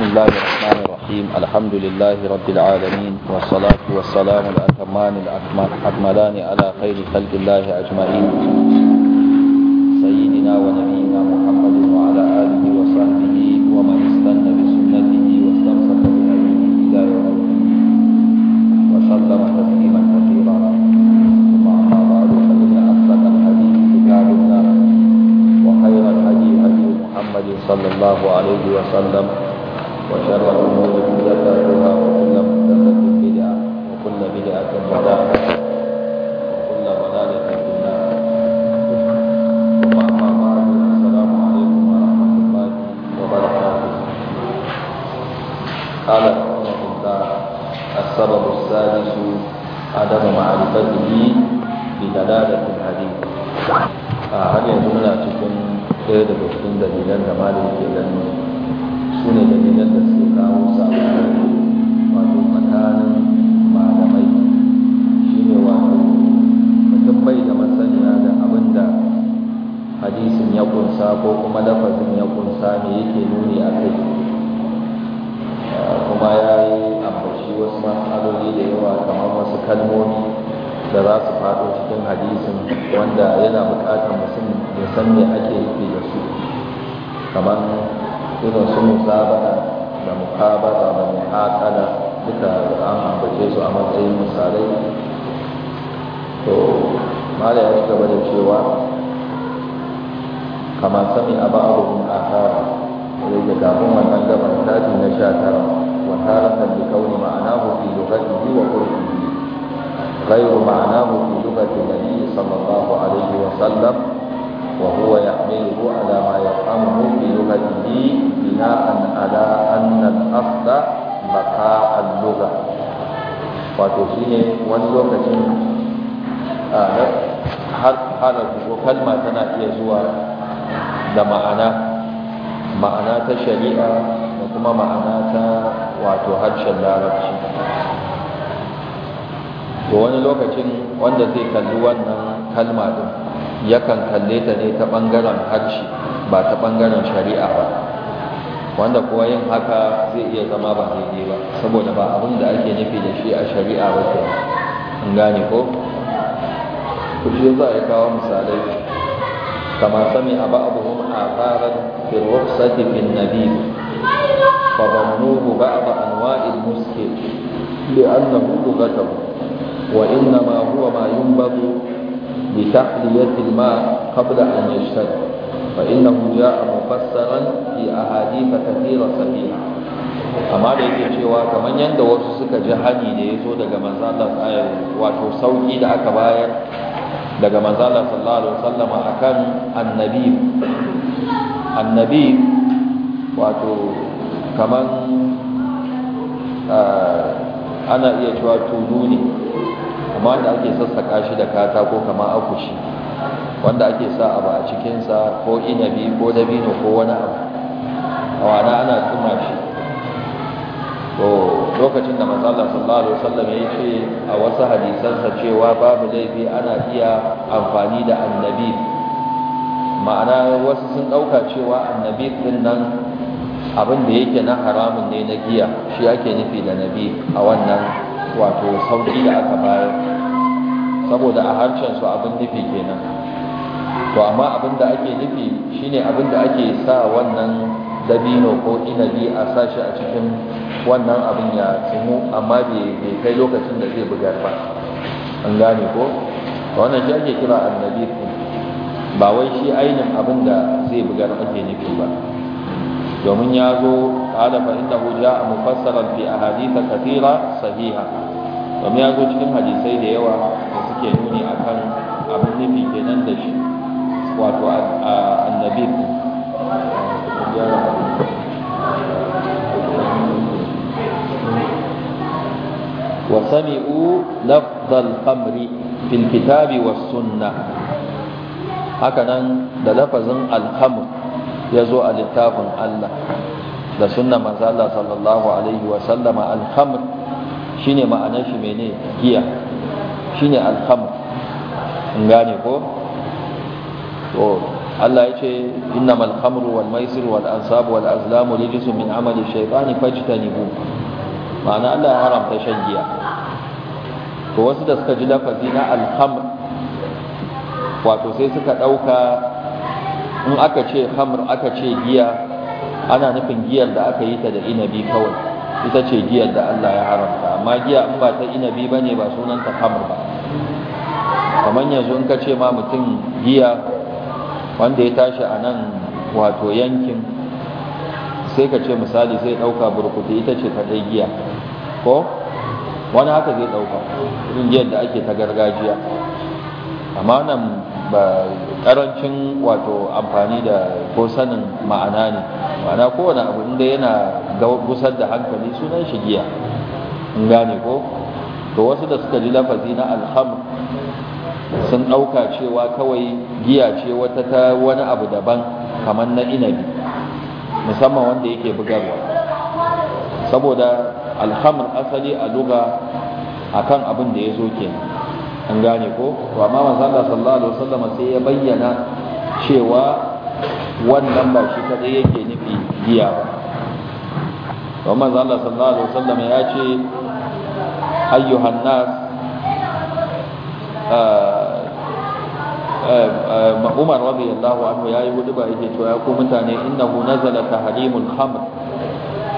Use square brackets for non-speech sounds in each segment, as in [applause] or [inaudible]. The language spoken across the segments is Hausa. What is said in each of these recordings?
بسم الله الرحمن الرحيم الحمد لله رب العالمين والصلاة والسلام الأتمان الأكملان على خير خلق الله أجمعين سيدنا ونبينا محمد وعلى آله وصحبه ومن استنى بسنته واستمسك بهديه إلى يوم الدين وسلم تسليما كثيرا ثم أما بعد فإن أصدق الحديث كتاب الله وخير الحديث محمد صلى الله عليه وسلم وشر الأمور محدثاتها وكل محدثة بدعة وكل بدعة ضلالة وكل ضلالة في النار ثم أما بعد السلام عليكم ورحمة الله وبركاته قال رحمه الله السبب السادس عدم معرفته بدلالة الحديث هل يزمنا تكون ɗaya daga cikin dalilan da malin ke ganin ko kuma lafazin ya kunsa me yake nuni a kai kuma ya yi amfashi wasu matsaloli da yawa kamar wasu kalmomi da za su faɗo cikin hadisin wanda yana buƙatar mutum ya san me ake rufe da su kamar irin su musabara da mukabara da muhakala duka an ambace su a matsayin misalai to mara ya ci gaba da cewa كما سمع بعضهم آثارا وليس كافما عند من تاتي نشاترا وتارة بكون معناه في لغته وقربه غير معناه في لغة النبي صلى الله عليه وسلم وهو يحمله على ما يفهمه في لغته بناء على أن الأصل بقاء اللغة وتشيني ونزوك جميع آه. هل هل هل ما تنأتي زوارك da ma'ana ma'ana ta shari'a da kuma ma'ana ta wato harshen larabci to wani lokacin wanda zai kalli wannan kalma din yakan kalle ta ne ta ɓangaren harshe ba ta ɓangaren shari'a ba wanda kuwa yin haka zai iya zama ba daidai ba saboda ba abin da ake nufi da shi a shari'a ba ke gane ko Kuje za a kawo misalai kamar sami abu abubuwan آثارا في الرخصة في النبيذ فظنوه بعض أنواع المسكر لأنه لغته وإنما هو ما ينبغ لتحلية الماء قبل أن يشتد فإنه جاء مفسرا في أحاديث كثيرة صحيحة amma da yake cewa kamar yadda wasu suka ji hani da ya zo daga manzalar wato sauki da aka bayar daga manzalar sallallahu alaihi wasallama akan annabi annabi wato kaman ana iya cewa tulu ne amma da ake sassaka shi da katako kama akushi wanda ake sa abu a cikinsa ko inabi ko dabino ko wani abu a wana ana tsuma shi to lokacin da manzala sallallahu alaihi wasallam ya ce a wasu hadisansa cewa babu laifi ana iya amfani da annabi ma'ana wasu sun ɗauka cewa annabi ɗin nan abin da yake na haramun ne na giya shi ake nufi da nabi a wannan wato sauki da aka bayar saboda a harshen su abin nufi kenan to amma abin da ake nufi shine abin da ake sa wannan dabino ko inabi a sashi a cikin wannan abin ya tsimu amma bai kai lokacin da zai bugar ba an gane ko wannan shi ake kira annabi ba wai shi ainin abin da zai buga da ake nufi ba domin ya zo qala fa innahu jaa mufassaran fi ahadith kathira sahiha domin ya zo cikin hadisai da yawa da suke nuni akan abin nufi ke nan da shi wato annabi وسمعوا لفظ fil kitabi الكتاب والسنه haka nan da lafazin alhamd ya zo a littafin Allah da sunna manzo Allah sallallahu alaihi wa sallama alhamd shine ma'anar shi mene giya shine alhamd in gane ko to Allah ya ce innamal khamru wal maisir wal ansab wal azlam rijsun min amali shaytani bu ma'ana Allah ya haramta shan giya to wasu da suka ji lafazi na alhamd wato sai suka ɗauka in aka ce hamr aka ce giya ana nufin giyar da aka yi ta da inabi kawai ita ce giyar da Allah ya haramta amma giya in ba ta inabi ba ne ba sunanta hamr ba kamar yanzu in ka ce ma mutum giya wanda ya tashi a nan wato yankin sai ka ce misali sai ɗauka burkutu ita ce kaɗai giya ko wani haka zai ɗauka irin giyar da ake ta gargajiya amma nan ba karancin wato amfani da ko sanin ma'ana ne ma'ana kowane abu inda yana gusar da hankali sunan shi giya in gane ko to wasu da suka ji lafazi na alhamd sun ɗauka cewa kawai giya ce wata ta wani abu daban kamar na inabi musamman wanda yake bugarwa saboda alhamar asali a a kan abin da ya zo kenan an gane ko to amma manzo Allah sallallahu alaihi wasallam sai ya bayyana cewa wannan ba shi kadai yake nufi giya ba to manzo Allah sallallahu alaihi wasallam ya ce ayyuhan nas eh, eh, Umar radiyallahu anhu yi hudu ba yake cewa ku mutane innahu nazala tahrimul khamr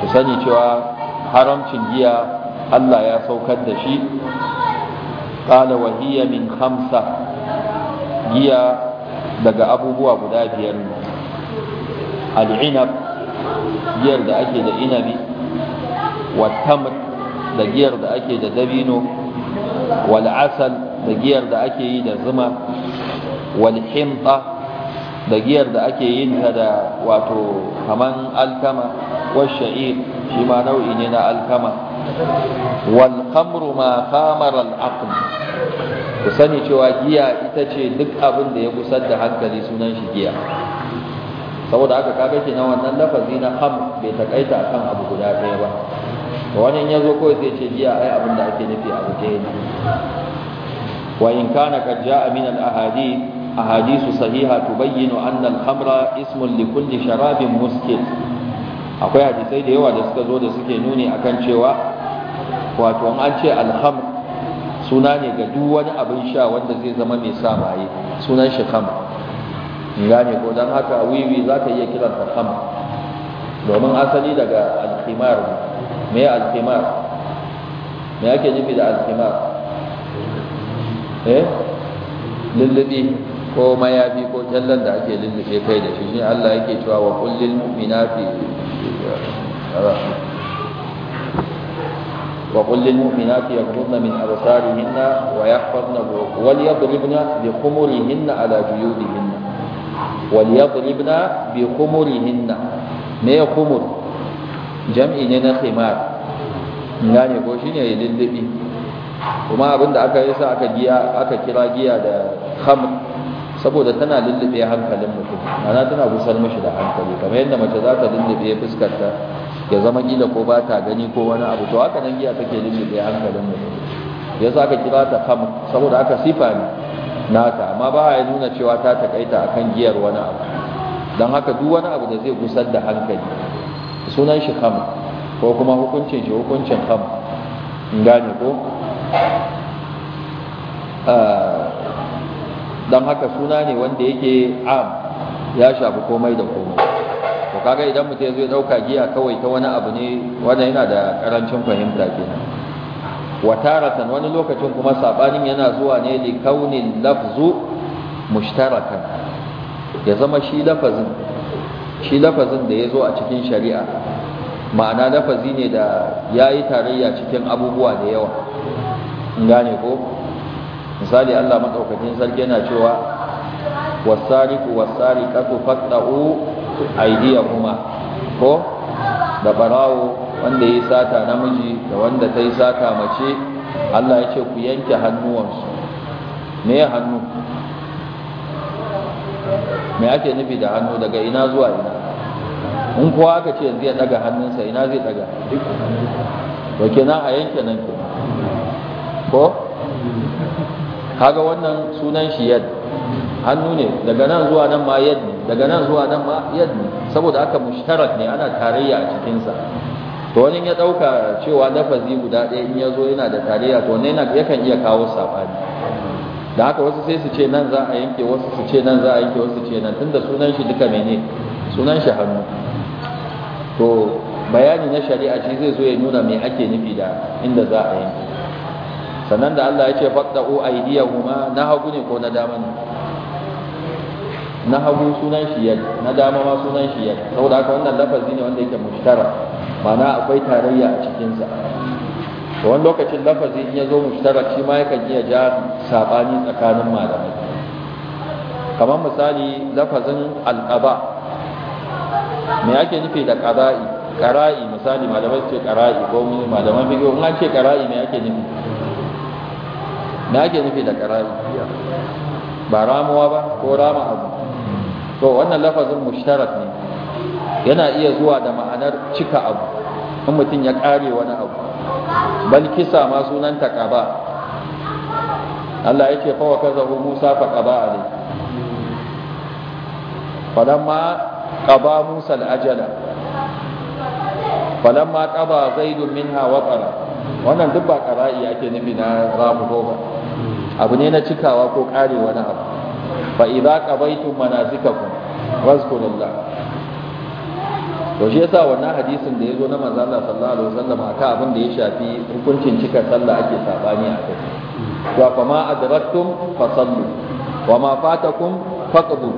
ku sani cewa haramcin giya Allah ya saukar da shi qala wa hiya min khamsa giya daga abubuwa guda biyar al'inab giyar da ake da inabi wa da giyar da ake da dabino wal asal da giyar da ake yi da zuma wal himta da giyar da ake yin ta da wato kaman alkama washa'ir shi ma nau'i ne na alkama wal khamru ma khamara al aql ku sani cewa giya ita ce duk abin da ya gusar da hankali sunan shi giya saboda haka kaga na wannan lafazi na kham bai takaita akan abu guda ɗaya ba wannan ya zo kawai zai ce giya ai abin da ake nufi abu ke ne wa in kana qad jaa min al sahiha tubayyinu anna al khamra ismun li kulli sharabin muskil akwai hadisai da yawa da suka zo da suke nuni akan cewa wato an ce alham suna ne ga duk wani abin sha wanda zai zama mai sa baye, sunan shi khamr gane ko dan haka wiwi ka iya kiran ta khamr domin asali daga alkhimar me alkhimar me yake nufi da alkhimar eh lillabi ko mayafi ko jallan da ake lillabe kai da shi Allah yake cewa wa kullil mu'minati وقل للمؤمنات يغضضن من أبصارهن ويحفظن وليضربن بخمرهن على جيودهن وليضربن بخمرهن ما خمر جمع لنا خمار gane ko shi ne lullubi kuma abinda aka yi sa aka aka kira giya da khamr saboda tana lullube hankalin mutum ana tana gusar mishi da hankali kamar yadda mace za ta lullube fuskarta ya zama gida ko ba ta gani ko wani abu to haka nan giya take da hankalin mu ya sa ka kira ta kam saboda aka sifa ne nata amma ba ya nuna cewa ta takaita akan giyar wani abu don haka duk wani abu da zai gusar da hankali sunan shi kam ko kuma hukuncin shi hukuncin kam gane ko ah, don haka suna ne wanda yake am ya shafi komai da komai kaga idan mutum ya zo ya dauka giya kawai ta wani abu ne wannan yana da karancin fahimta ke. wa taratan wani lokacin kuma saɓanin yana zuwa ne li kaunin lafzu mushtarakan ya zama shi lafazin shi lafazin da ya zo a cikin shari'a ma'ana lafazi ne da ya yi tarayya cikin abubuwa da yawa gane ko misali allah maɗaukakin sarki yana cewa wasariku wasariƙatu faɗa'u aidiyahuma ko da barawo wanda ya sata namiji da wanda ta yi sata mace Allah ya ce ku yanke hannuwansu me ya hannu me ake nufi da hannu daga ina zuwa ina in kowa aka ce yanzu ya daga hannunsa ina zai daga to kenan a yanke nan ko kaga wannan sunan shi yadda hannu ne daga nan zuwa nan ma yadda daga nan zuwa nan ma yadda saboda aka mushtarak ne ana tarayya a cikin sa to wani ya dauka cewa lafazi guda ɗaya in yazo yana da tarayya to ne yakan iya kawo sabani da haka wasu sai su ce nan za a yanke wasu su ce nan za a yanke wasu su ce nan tunda sunan shi duka mene sunan shi hannu to bayani na shari'a shi zai zo ya nuna me ake nufi da inda za a yanke sannan da Allah ya ce fadda'u aydiyahuma na hagu ne ko na dama ne na hagu sunan shi yad na dama ma sunan shi yad saboda haka wannan lafazi ne wanda yake mushtara mana akwai tarayya a cikinsa to wani lokacin lafazi in ya zo mushtara shi ma yakan iya ja sabani tsakanin malamai kamar misali lafazin alqaba me ake nufi da qara'i qara'i misali malamai ce qara'i ko malamai fiqh in an ce qara'i me ake nufi me ake nufi da qara'i ba ramuwa ba ko rama abu to wannan lafazin mushtarak ne yana iya zuwa da ma'anar cika abu in mutum ya kare wani abu bal kisa ma sunan ta Allah yake fa wa kazahu Musa fa qaba alai falamma qaba Musa al-ajala falamma qaba zaidun minha waqara wannan duk ba ƙara'i ake nufi na ramu ba abu ne na cikawa ko ƙare wani abu fa idza qabaitum manasikakum wazkurullah to shi yasa wannan hadisin da ya zo na manzo Allah sallallahu alaihi wasallam ka abin da ya shafi hukuncin cika sallah ake sabani a kai to fa ma adraktum fa sallu wa ma fatakum faqdu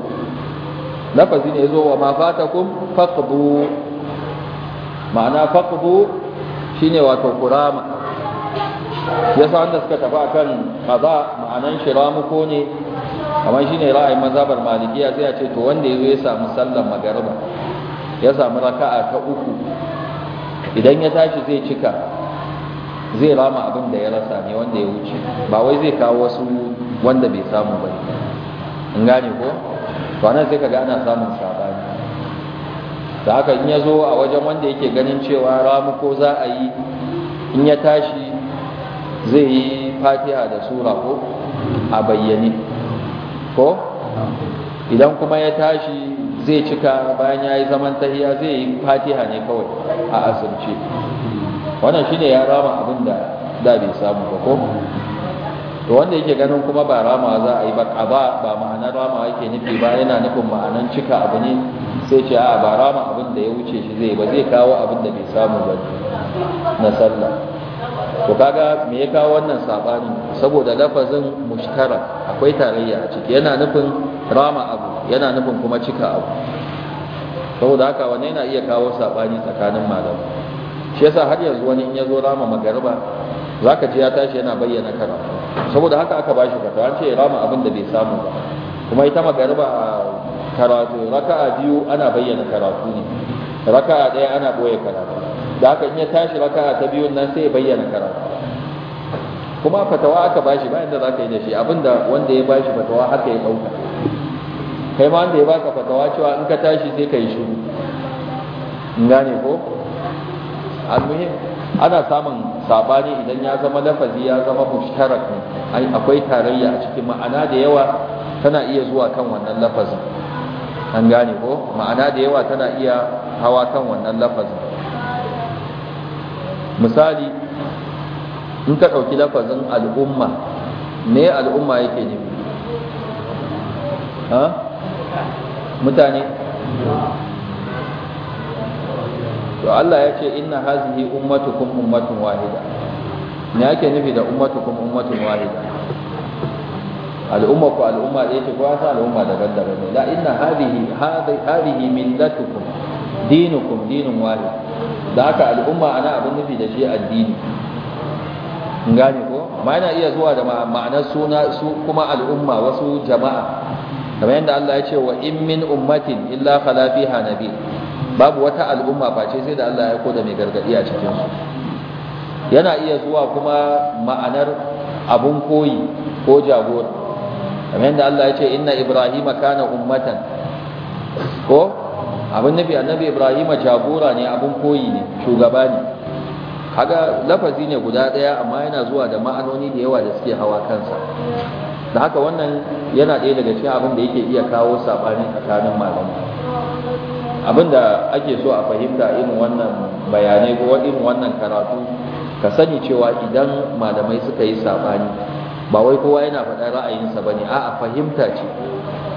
lafazi ne ya zo wa ma fatakum faqdu ma'ana faqdu shine wato kurama yasa wanda suka tafi akan kaza ma'anan shiramu ko ne amma shine ra'ayin mazhabar malikiya sai a ce to wanda zo ya samu sallar magariba ya samu raka'a ta uku idan ya tashi zai cika zai rama abin da ya rasa ne wanda ya wuce ba wai zai kawo wasu wanda bai samu ba in gane ko to anan sai kaga ana samun sabani da haka in ya zo a wajen wanda yake ganin cewa ramu ko za a yi in ya tashi zai yi fatiha da sura ko a bayyane ko idan kuma ya tashi zai cika bayan ya yi zaman tahiya zai yi fatiha ne kawai a asirce wannan shi ne ya rama abin da da bai samu ba ko to wanda yake ganin kuma ba rama za a yi ba ba ba ma'anar rama yake nufi ba yana nufin ma'anar cika abu ne sai ce a ba rama abin da ya wuce shi zai ba zai kawo abin da bai samu ba na sallah to kaga me ya kawo wannan sabani saboda lafazin mushtara akwai tarayya a ciki yana nufin rama abu yana nufin kuma cika abu saboda haka wannan yana iya kawo sabani tsakanin malam shi yasa har yanzu wani in ya zo rama magariba zaka ji ya tashi yana bayyana karatu saboda haka aka bashi fata an ce rama abin da bai samu ba kuma ita magariba a karatu raka'a biyu ana bayyana karatu ne raka'a ɗaya ana boye karatu da aka iya ya tashi raka ta biyun nan sai ya bayyana karatu kuma fatawa aka bashi ba za zaka yi da shi abinda wanda ya bashi fatawa haka ya dauka kai ma wanda ya baka fatawa cewa in ka tashi sai ka yi shiru gane ko almuhim ana samun sabani idan ya zama lafazi ya zama mushtarak ai akwai tarayya a cikin ma'ana da yawa tana iya zuwa kan wannan lafazin an gane ko ma'ana da yawa tana iya hawa kan wannan lafazin misali in ka ɗauki lafazin al'umma ne al'umma yake nufi ha mutane to Allah ya ce inna hazihi ummatukum ummatun wahida me yake nufi da ummatukum ummatun wahida al'umma ko al'umma da yake ko asa al'umma daga daban ne la inna hazihi hadhihi millatukum dinukum dinun wahid da haka al'umma ana abin nufi da shi addini gane ko ma yana iya zuwa da ma'anar suna su kuma al'umma wasu jama'a kamar yadda Allah ya ce wa in min ummatin illa khala fiha nabi babu wata al'umma face sai da Allah ya aiko da mai gargadi a cikin su yana iya zuwa kuma ma'anar abun koyi ko jagora kamar yadda Allah ya ce inna ibrahima kana ummatan ko abin nufi annabi ibrahim jagora ne abin koyi ne shugaba ne kaga lafazi ne guda daya amma yana zuwa da ma'anoni da yawa da suke hawa kansa da haka wannan yana ɗaya daga cikin abin da yake iya kawo sabanin tsakanin malamai abin da ake so a fahimta irin wannan bayanai ko irin wannan karatu ka sani cewa idan malamai suka yi sabani ba wai kowa yana faɗa ra'ayinsa ba ne. a'a fahimta ce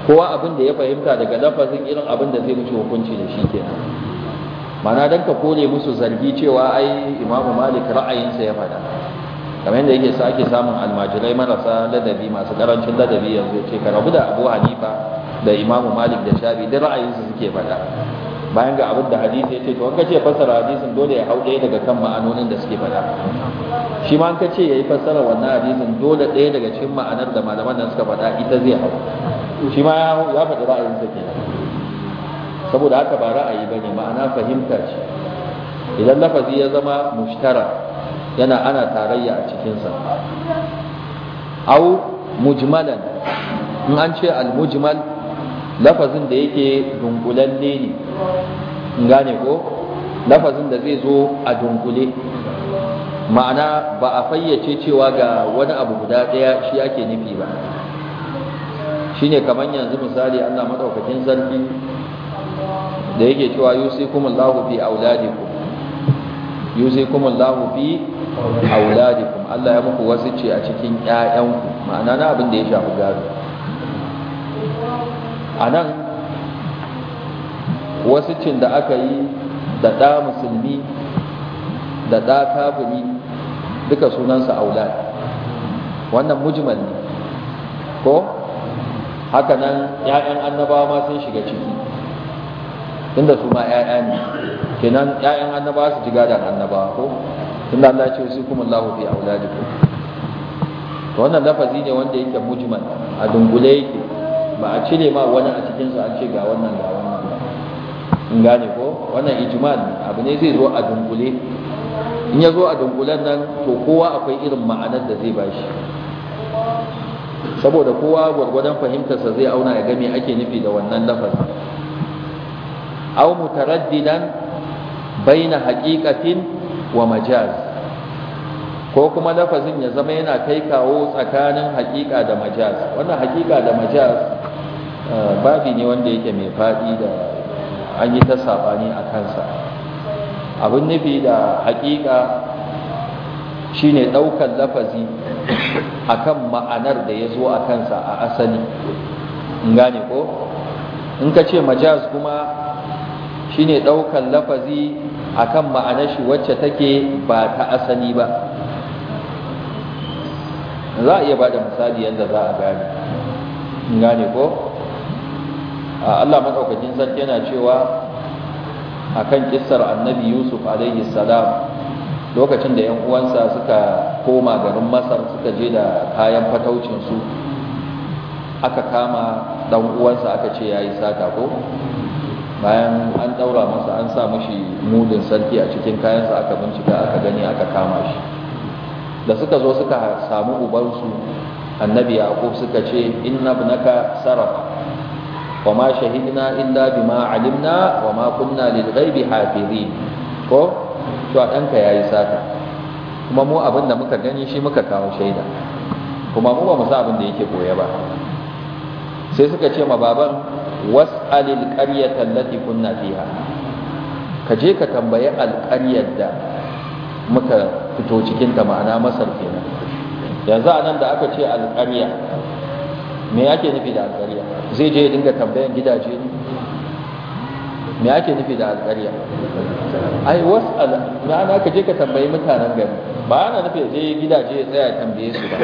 kowa abin da ya fahimta daga lafazin irin abin da zai wuce hukunci da shi kenan mana dan ka kone musu zargi cewa ai imamu malik ra'ayinsa ya faɗa kamar yadda yake sake samun almajirai marasa ladabi masu karancin ladabi yanzu ce ka rabu da abu hanifa da imamu malik da shafi duk ra'ayinsu suke faɗa bayan ga abin da hadisi ya ce to an ce fassara hadisin dole ya hau ɗaya daga kan ma'anonin da suke faɗa shi ma an ka ce ya yi fassara wannan hadisin dole ɗaya daga cikin ma'anar da malaman da suka faɗa ita zai hau shi ma ya faɗi ra'ayinsa ke. saboda haka ba ra'ayi ba ne ma'ana fahimta ce idan lafazi ya zama mushtara yana ana tarayya a cikinsa au mujmalan in an ce al-mujmal lafazin da yake dunkulalle ne gane ko lafazin da zai zo a dunƙule, ma'ana ba a fayyace cewa ga wani abu guda ɗaya shi ake nufi ba Shi ne kamar yanzu misali Allah madaukakin zarfi da yake cewa yusikumullahu fi auladikum a wuladi auladikum Allah ya muku ce a cikin ƴaƴanku ma'ana na abin da ya shafi gado anan wasicin da aka yi da ɗa musulmi da ɗa kafiri duka sunansa wuladi, wannan mujmal ne ko haka nan ‘ya'yan annabawa ma sun shiga ciki inda su ma ‘ya'ya ne kenan ‘ya'yan annabawa su ji gadon annabawa ko tunda Allah ce su kuma Allah fi auladikum wannan lafazi ne wanda yake mujmal a dungule yake ba a cire ma wani a cikin su an ce ga wannan ga wannan in gane ko wannan ijmal abu ne zai zo a dungule in ya zo a dungulen nan to kowa akwai irin ma'anar da zai bashi saboda kowa gwargwadon fahimtarsa zai auna ya game ake nufi da wannan lafazin aw mutaraddidan baina haqiqatin wa majaz ko kuma lafazin ya zama yana kai kawo tsakanin haqiqa da majaz wannan haqiqa da majaz eh, babi ne wanda yake mai fadi da an yi ta sabani a kansa abin nufi da haqiqa shine daukar lafazi akan ma'anar da ya zo a kansa a asali in gane ko in ka ce majaz kuma shine ɗaukan lafazi akan ma'anar shi wacce take ba ta asali ba za a iya ba da misali yadda za a gane in gane ko Allah maɗaukakin sarki yana cewa akan kissar annabi yusuf alaihi salam lokacin da 'yan uwansa suka koma garin masar suka je da kayan fataucinsu aka kama dan uwansa aka ce ya yi sata ko bayan an daura masa an sa mashi mudun sarki a cikin kayansa aka bincika aka gani aka kama shi da suka zo suka samu ubansu annabi yaqub suka ce inna ibnaka sarafa wa ma shahidna illa bima alimna wa ma kunna lil ghaibi hafizin ko cewa ɗanka ya yi sata kuma mu abin da muka gani shi muka kawo shaida kuma mu ba mu sa abin da yake koya ba sai suka ce ma baban was'alil qaryata allati kunna fiha ka je ka tambayi alƙaryar da muka fito cikin ta ma'ana masar kenan yanzu anan da aka ce alƙarya me yake nufi da alƙarya zai je ya dinga tambayan gidaje me ake nufi da alƙarya ai was'ala ma'ana ka je ka tambayi mutanen gari ba ana nufi je gidaje ya tsaya tambaye su ba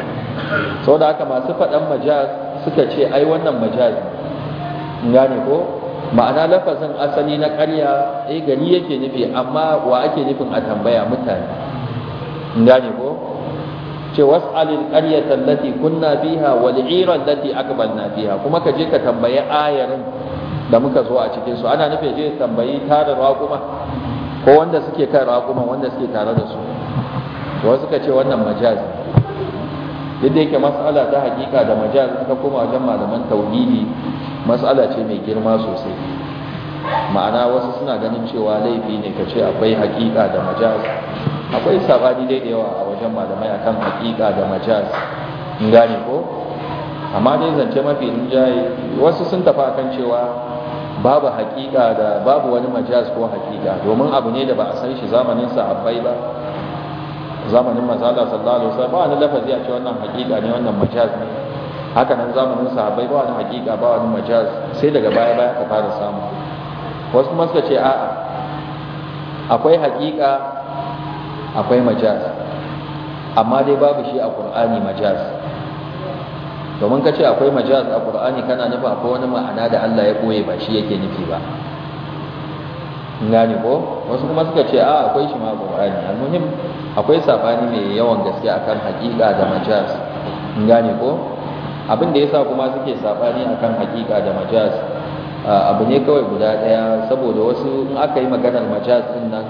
saboda haka masu faɗan majaz suka ce ai wannan majaz gane ko ma'ana lafazin asali na ƙarya ai eh, gari yake nufi amma wa ake nufin a tambaya mutane gane ko ce was'alil qaryata allati kunna fiha wal 'ira allati aqbalna fiha kuma ka je ka tambayi ayarin da muka zo a cikin su ana nufin je tambayi tara raƙuma ko wanda suke kan raƙuman wanda suke tare da su wasu ka ce wannan majazi yadda yake mas'ala ta hakika da majaz, ta koma wajen malaman tauhidi mas'ala ce mai girma sosai ma'ana wasu suna ganin cewa laifi ne ka ce akwai hakika da majaz. akwai sabani dai da yawa a wajen malamai akan hakika da majaz in gane ko amma dai zance mafi rinjaye wasu sun tafi akan cewa babu haƙiƙa da babu wani majaz ko haƙiƙa domin abu ne da ba a san shi zamanin sahabbai ba zamanin mazala sallallahu alaihi wasallam ba wani lafazi a ce wannan haƙiƙa ne wannan majaz ne haka nan zamanin sahabbai ba wani haƙiƙa ba wani majaz sai daga baya baya ka fara samu wasu kuma suka ce a'a akwai haƙiƙa akwai majaz amma dai babu shi a Qur'ani majaz domin ka ce akwai majaz a ƙur'ani kana nufin akwai wani ma'ana da Allah ya koye ba shi yake nufi ba Ngani ko wasu kuma suka ce a akwai shi ma a ƙur'ani almuhim akwai sabani mai yawan gaske akan haƙiƙa da majaz Ngani ko abin da yasa kuma suke sabani akan haƙiƙa da majaz abu ne kawai guda ɗaya saboda wasu in aka yi maganar majaz din nan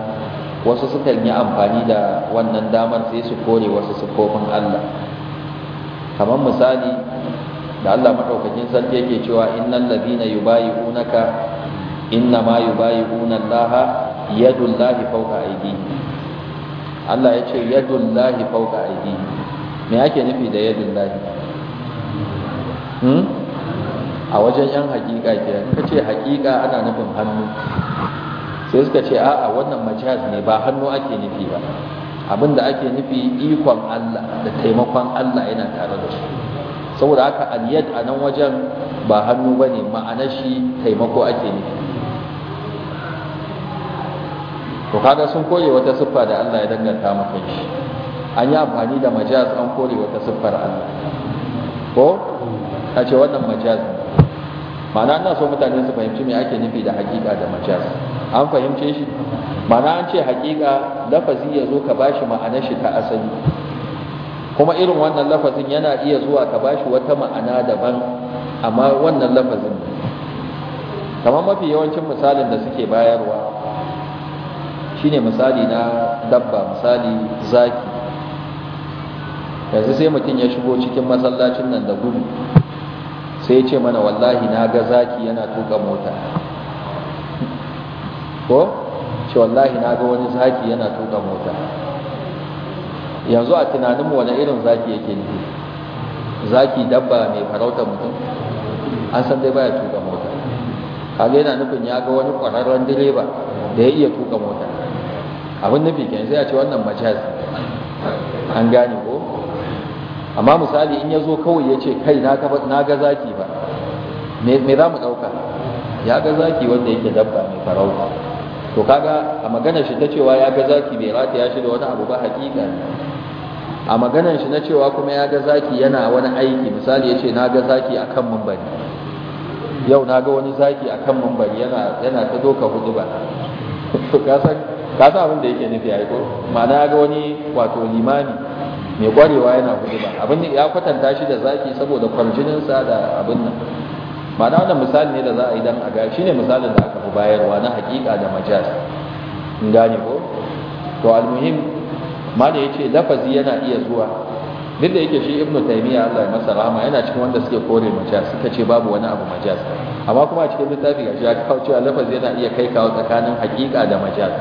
wasu sukan yi amfani da wannan damar sai su kore wasu siffofin Allah kamar misali da Allah madaukakin sarki yake cewa innal ladina yubayyi'unaka inna ma yubayyi'una Allah lahi fawqa aydihim Allah ya ce lahi fawqa aydihim me yake nufi da yadullahi hmm a wajen yan hakika ke kace hakika ana nufin hannu sai suka ce a'a wannan majaz ne ba hannu ake nufi ba Abin da ake nufi ikon Allah da taimakon Allah yana tare da su saboda haka aliyad a nan wajen ba hannu ba ne ma'anar shi taimako ake nufi to kaga sun koye wata siffa da Allah ya danganta maka shi an yi amfani da majaz an kore wata siffar Allah ko ka ce wannan majaz ma'ana ina so mutane su fahimci me ake nufi da hakika da majaz an fahimce shi mana an ce hakika lafazi ya zo ka bashi ma'anar shi ta asali kuma irin wannan lafazin yana iya zuwa ka bashi wata ma'ana daban amma wannan lafazin kamar mafi yawancin misalin da suke bayarwa shine misali na dabba misali zaki yanzu sai mutum ya shigo cikin masallacin nan da gudu sai ce mana wallahi na ga zaki yana tuka mota ko ce wallahi na ga wani zaki yana tuka mota yanzu a tunanin wani irin zaki yake nufi zaki dabba mai farautar mutum an san dai baya tuka mota kaga yana nufin ya ga wani kwararren direba da ya iya tuka mota abin nufi ke sai a ce wannan majaz an gane ko amma misali in ya zo kawai ya ce kai na ga zaki ba me za mu ɗauka ya ga zaki wanda yake dabba mai farauta to kaga a magana shi ta cewa ya ga zaki bai rata ya shiga wani abu ba hakika a maganar shi na cewa kuma ya ga zaki yana wani aiki misali ya ce na ga zaki a kan mambari yau na ga wani zaki a kan mambari yana ta doka hudu ba ka sa abin da yake nufi a ko ma na ga wani wato limami mai kwarewa yana hudu ba abin ya kwatanta shi da zaki saboda kwarjininsa da abin nan ma'ana wannan misali ne da za a yi dan a ga shine misalin da aka fi bayarwa na hakika da majaz in gane ko to almuhim ya yace lafazi yana iya zuwa duk da yake shi ibnu taymiya Allah ya masa rahama yana cikin wanda suke kore majaz suka ce babu wani abu majaz amma kuma a cikin littafi ga shi ya kawo cewa lafazi yana iya kai kawo tsakanin hakika da majaz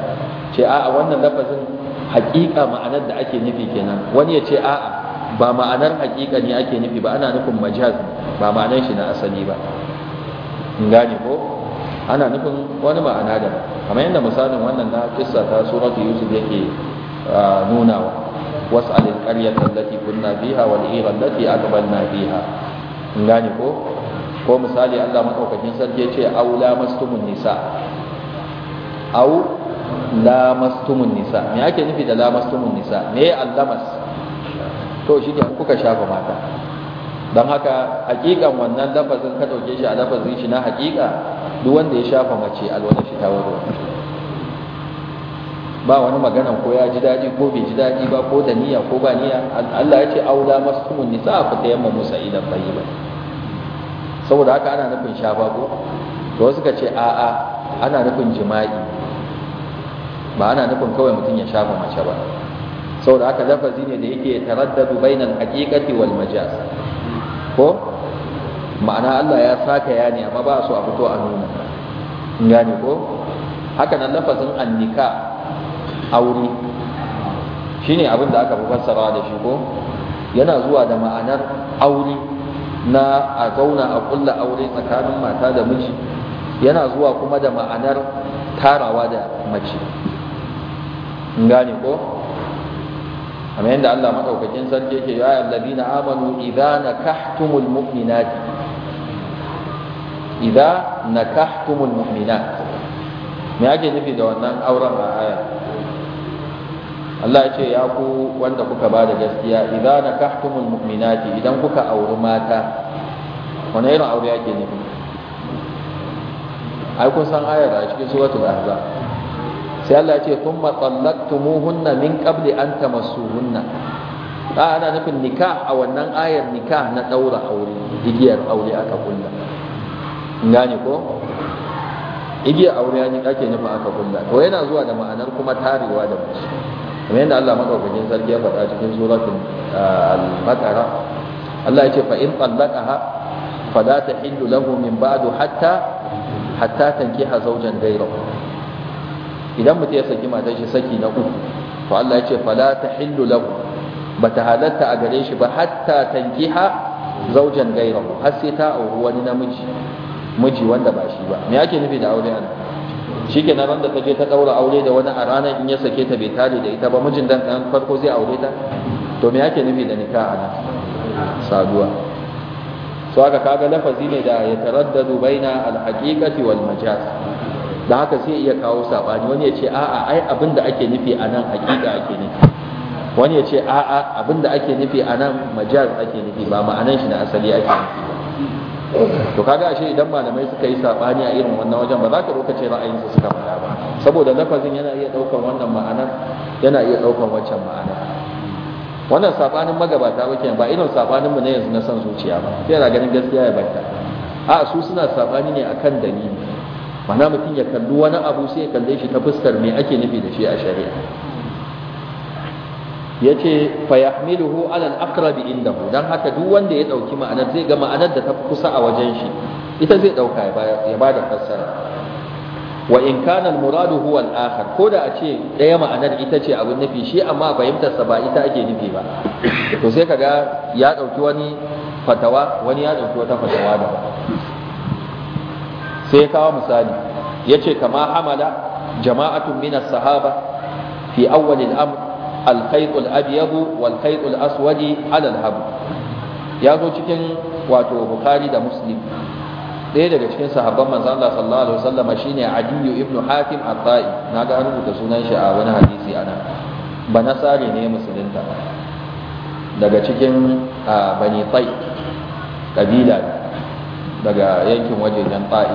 ce a'a wannan lafazin hakika ma'anar da ake nufi kenan wani ya ce a'a ba ma'anar hakika ne ake nufi ba ana nufin majaz ba ma'anar shi na asali ba in gane ko ana nufin wani ma'ana da kamar yadda misalin wannan na kissa ta suratu yusuf yake nuna, was'al al-qaryata allati kunna wani wal ira a gaban na biya. gane ko ko misali Allah madaukakin sarki ya ce aula mastumun nisa au lamastumun nisa me ake nufi da lamastumun nisa me allamas to shi ne kuka shafa mata don haka hakikan wannan lafazin ka dauke shi a lafazin shi na hakika duk wanda ya shafa mace alwada shi ta warware ba wani magana ko ya ji daɗi ko bai ji daɗi ba ko da niyya ko ba niyya Allah ya ce aula mastumun nisa fa yamma musa idan saboda haka ana nufin shafa ko to suka ce a a ana nufin jima'i ba ana nufin kawai mutum ya shafa mace ba saboda haka lafazi ne da yake taraddadu bainal haqiqati wal majaz ko ma'ana Allah ya saka yani amma ba su a fito a nuna gane ko haka nan lafazin annika aure shine abin da aka fassara da shi ko yana zuwa da ma'anar auri na a zauna a kulla aure tsakanin mata da miji yana zuwa kuma da ma'anar tarawa da mace gane ko amma yanda Allah madaukakin sarki yake ya ayyallabina amanu idza nakahtumul mu'minati idza nakahtumul mu'minat me ake nufi da wannan auren a aya Allah ya ce ya ku wanda kuka ba da gaskiya idza nakahtumul mu'minati idan kuka auri mata wani irin aure ake nufi ai kun san ayar a cikin suratul ahzab sai Allah ya ce thumma tallaqtumuhunna min qabli an tamassuhunna a ah, ana nufin nikah a wannan ayar nikah na daura aure igiyar aure aka kulla gane ko igiyar aure ya ake nufin aka kulla to yana zuwa da ma'anar kuma tarewa da mutum kamar yadda Allah madaukakin sarki ya faɗa cikin suratul ah, al-baqara Allah ya ce fa in tallaqaha fala tahillu lahu min ba'du hatta hatta tankiha zawjan ghayrahu idan mutum ya saki matar shi saki na uku to Allah ya ce fala hillu lahu ta halatta a gare shi ba hatta tankiha zaujan gairahu har sai ta auri wani namiji miji wanda ba shi ba me yake nufi da aure an shikenan ran da ta je ta daura aure da wani a ranar in ya sake ta bai tare da ita ba mijin dan dan farko zai aure ta to me yake nufi da nikah ana saduwa so aka kaga lafazi ne da ya taraddadu baina al-haqiqati wal majas? da haka sai iya kawo sabani wani ya ce a'a ai abin da ake nufi a nan hakika ake nufi wani ya ce a'a abin da ake nufi a nan majaz ake nufi ba ma'anan shi na asali ake nufi to kaga ashe idan malamai suka yi sabani a irin wannan wajen ba za ka ra'ayin su suka faɗa ba saboda lafazin yana iya daukar wannan ma'anar yana iya daukar waccan ma'anar wannan sabanin magabata ba kenan ba irin sabanin mu ne yanzu na san zuciya ba sai yana ganin gaskiya ya banta a su suna sabani ne akan dalili mana mutum ya kallu wani abu sai ya kalle shi ta fuskar me ake nufi da shi a shari'a ya ce fayahmiluhu alal aqrabi indahu dan haka duk wanda ya dauki ma'anar zai ga ma'anar da ta kusa a wajen shi ita zai dauka ya bada fassara wa in kana al muradu huwa al akhar ko da a ce daya ma'anar ita ce abin nufi shi amma fahimtar sa ba ita ake nufi ba to sai kaga ya dauki wani fatawa wani ya dauki wata fatawa da sai ya kawo misali ce kama amala jama'atun mina sahaba fi awwal al-amr al-khayt al wal ya zo cikin wato Bukari da muslim ɗaya daga cikin sahabban manzon Allah sallallahu alaihi wasallam shine Adiyu ibn Hatim At-Ta'i naga an rubuta sunan shi a wani hadisi ana ba ne musulunta daga cikin Bani tsayi, ƙabila daga yankin wajejen Ta'i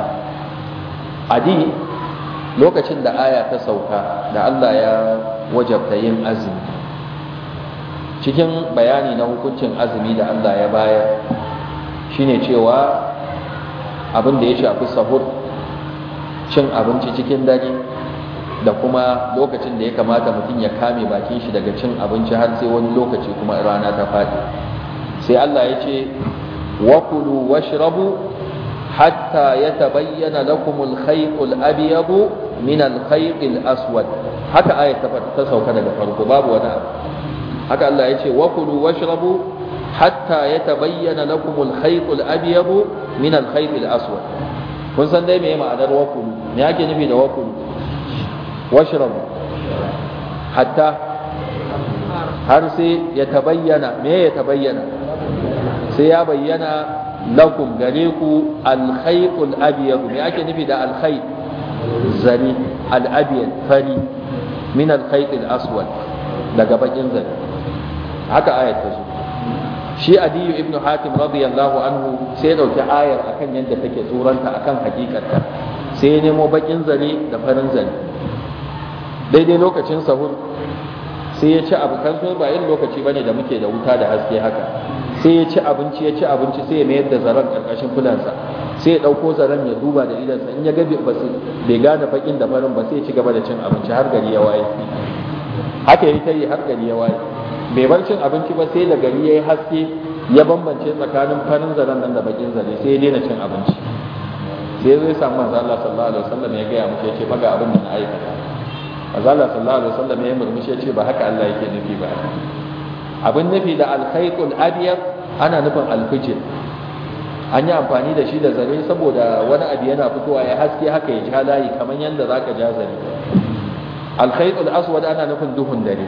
adi lokacin da aya ta sauka da Allah ya wajabta yin azumi cikin bayani na hukuncin azumi da Allah ya bayar shine cewa abin da ya shafi sahur cin abinci cikin dare da kuma lokacin da ya kamata mutum ya kame bakin shi daga cin abinci har sai wani lokaci kuma rana ta faɗi sai Allah ya ce wa kulu washrabu hatta yatabayyana lakum al-khayt al-abyad min al-khayt haka daga farko babu wani abu haka Allah ya ce wa kulu washrabu hatta yatabayyana lakum al-khayt al-abyad min al-khayt al-aswad kun san dai me ma'anar wa kulu yake nufi da washrabu har sai ya me ya sai ya bayyana lakum gare ku alkhaytul me ake nufi da alkhai zani al fari min alkhaytil aswad daga bakin zani haka ayat ta zo shi adiyu ibn hatim radiyallahu anhu sai dauki ayar akan yadda take tsoranta akan hakikarta sai ya nemo bakin zani da farin zani. daidai lokacin sahur sai ya ci abu kan ba yin lokaci bane da muke da wuta da haske haka sai ya ci abinci ya ci abinci sai ya mayar da zaren karkashin kudansa sai ya ɗauko zaren ya duba da idansa in ya ga bai gane bakin da farin ba sai ya ci gaba da cin abinci har gari ya waye haka yi ta yi har gari ya waye bai bar cin abinci ba sai da gari ya yi haske ya bambance tsakanin farin zaren nan da bakin zare sai ya daina cin abinci sai zai samu manzo Allah sallallahu alaihi wasallam ya gaya muke ce maga abin da na aikata manzo Allah sallallahu alaihi wasallam ya murmushi ce ba haka Allah yake nufi ba abin nufi da alkaikul abiyar ana nufin alfijir an yi amfani da shi da zare saboda wani abu yana fitowa ya haske haka ya ja layi kamar yadda za ka ja zare alkaikul aswad ana nufin duhun dare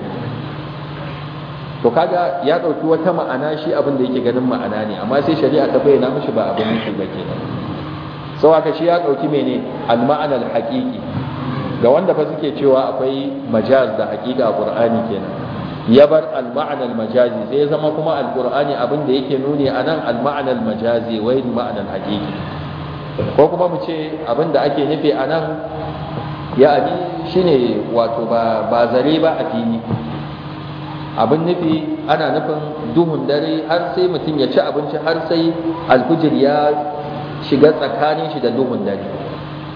to kaga ya dauki wata ma'ana shi abin da yake ganin ma'ana ne amma sai shari'a ta bayyana mishi ba abin nufi ba kenan sau aka shi ya dauki mene almaanar haƙiƙi ga wanda fa suke cewa akwai majaz da haƙiƙa a ƙur'ani kenan ya bar al-ma'ana al-majazi sai ya zama kuma al-qur'ani abin da yake nuni anan al-ma'ana al-majazi wai al-haqiqi ko kuma mu ce abin da ake nufi anan ya shine wato ba ba zare ba a dini abin nufi ana nufin duhun dare har sai mutum ya ci abinci har sai alfijir ya shiga tsakanin shi da duhun dare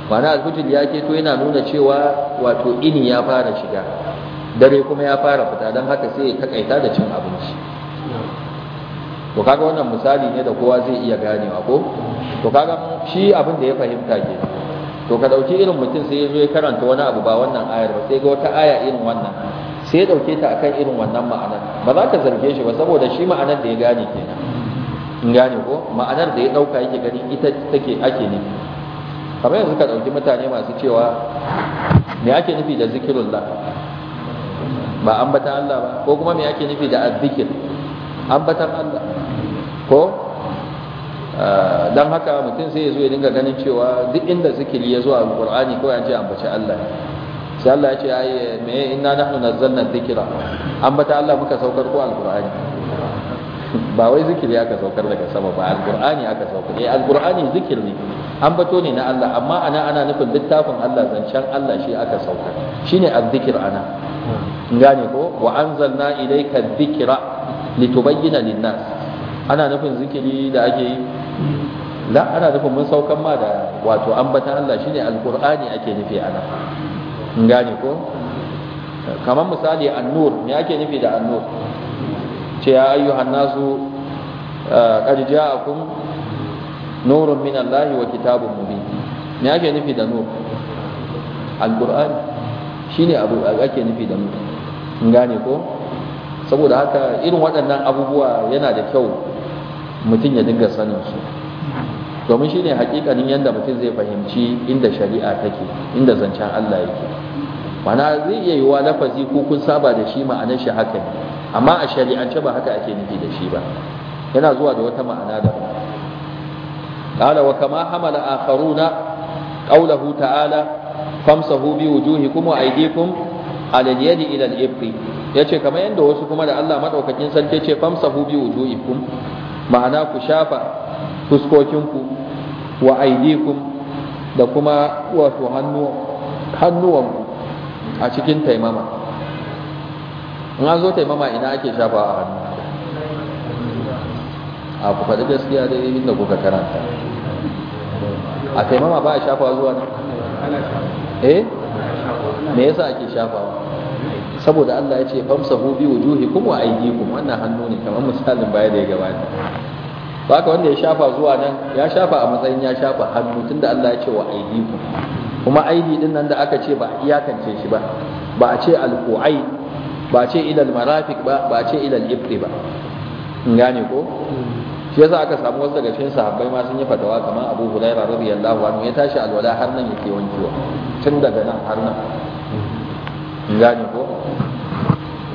ma'ana alfijir ya keto yana nuna cewa wato ini ya fara shiga dare kuma ya fara fita don haka sai ya takaita da cin abinci to kaga wannan misali ne da kowa zai iya ganewa ko to kaga shi abin da ya fahimta ke to ka dauki irin mutum sai ya zo ya karanta wani abu ba wannan ayar ba sai ga wata aya irin wannan sai ya dauke ta akan irin wannan ma'anar ba za ka zarge shi ba saboda shi ma'anar da ya gane kenan in gane ko ma'anar da ya dauka yake gani ita take ake ne kamar yanzu ka dauki mutane masu cewa me ake nufi da zikirullah ba ambatan Allah ba ko kuma me ake nufi da azzikir ambatan Allah ko ah, dan haka mutum sai ya zo ya dinga ganin cewa duk inda zikiri ya zo a alqur'ani ko an ce ambaci Allah sai Allah ya ce ai me inna nahnu nazzalna dhikra ambata Allah muka saukar ko alqur'ani [laughs] ba wai zikiri aka saukar daga sama ba alqur'ani aka saukar eh alqur'ani zikir ne ambato ne na Allah amma ana ana nufin littafin Allah zancen Allah shi aka saukar shine azzikir ana gane ko wa anzalna ilayka dhikra litubayyana lin-nas ana nufin zikiri da ake yi la ana nufin mun saukan ma da wato ambatan Allah shine alqur'ani ake nufi ana gane ko kamar misali annur me ake nufi da annur? ce ya ayyuhan nasu qad ja'akum nurun min Allah wa kitabun mubin me ake nufi da nur alqur'ani shine abu ake nufi da mutu, in gane ko saboda haka irin waɗannan abubuwa yana da kyau mutum ya dinga sanin su domin shine hakikanin yadda mutum zai fahimci inda shari'a take inda zancen Allah yake mana zai iya yiwa lafazi ko kun saba da shi ma'anar shi haka ne amma a shari'ance ba haka ake nufi da shi ba yana zuwa da wata ma'ana da قال وكما حمل آخرون قوله ta'ala. famsahu bi wujuhikum wa aydikum ala al-yadi ila al-ibri yace kamar yanda wasu kuma da Allah madaukakin sarki yace famsahu bi wujuhikum ma'ana ku shafa fuskokinku wa aydikum da kuma wato hannu hannuwanku a cikin taimama in an zo taimama ina ake shafa a hannu a ku faɗi gaskiya dai inda kuka karanta a taimama ba a shafa zuwa nan eh me yasa ake shafawa saboda Allah ya ce famsahu bi wujuhikum wa aydikum wannan hannu ne kamar misalin baya da ya gabata baka wanda ya shafa zuwa nan ya shafa a matsayin ya shafa hannu tunda Allah ya ce wa aydikum kuma aidi din nan da aka ce ba iyakance shi ba ba a ce alqu'ai ba a ce ilal marafiq ba ba a ce ilal ibri ba In gane ko hmm. shi yasa aka samu wasu daga cikin sahabbai ma sun yi fatawa kamar Abu Hurairah radiyallahu anhu ya tashi alwala har nan yake wankewa tun daga nan har nan gani ko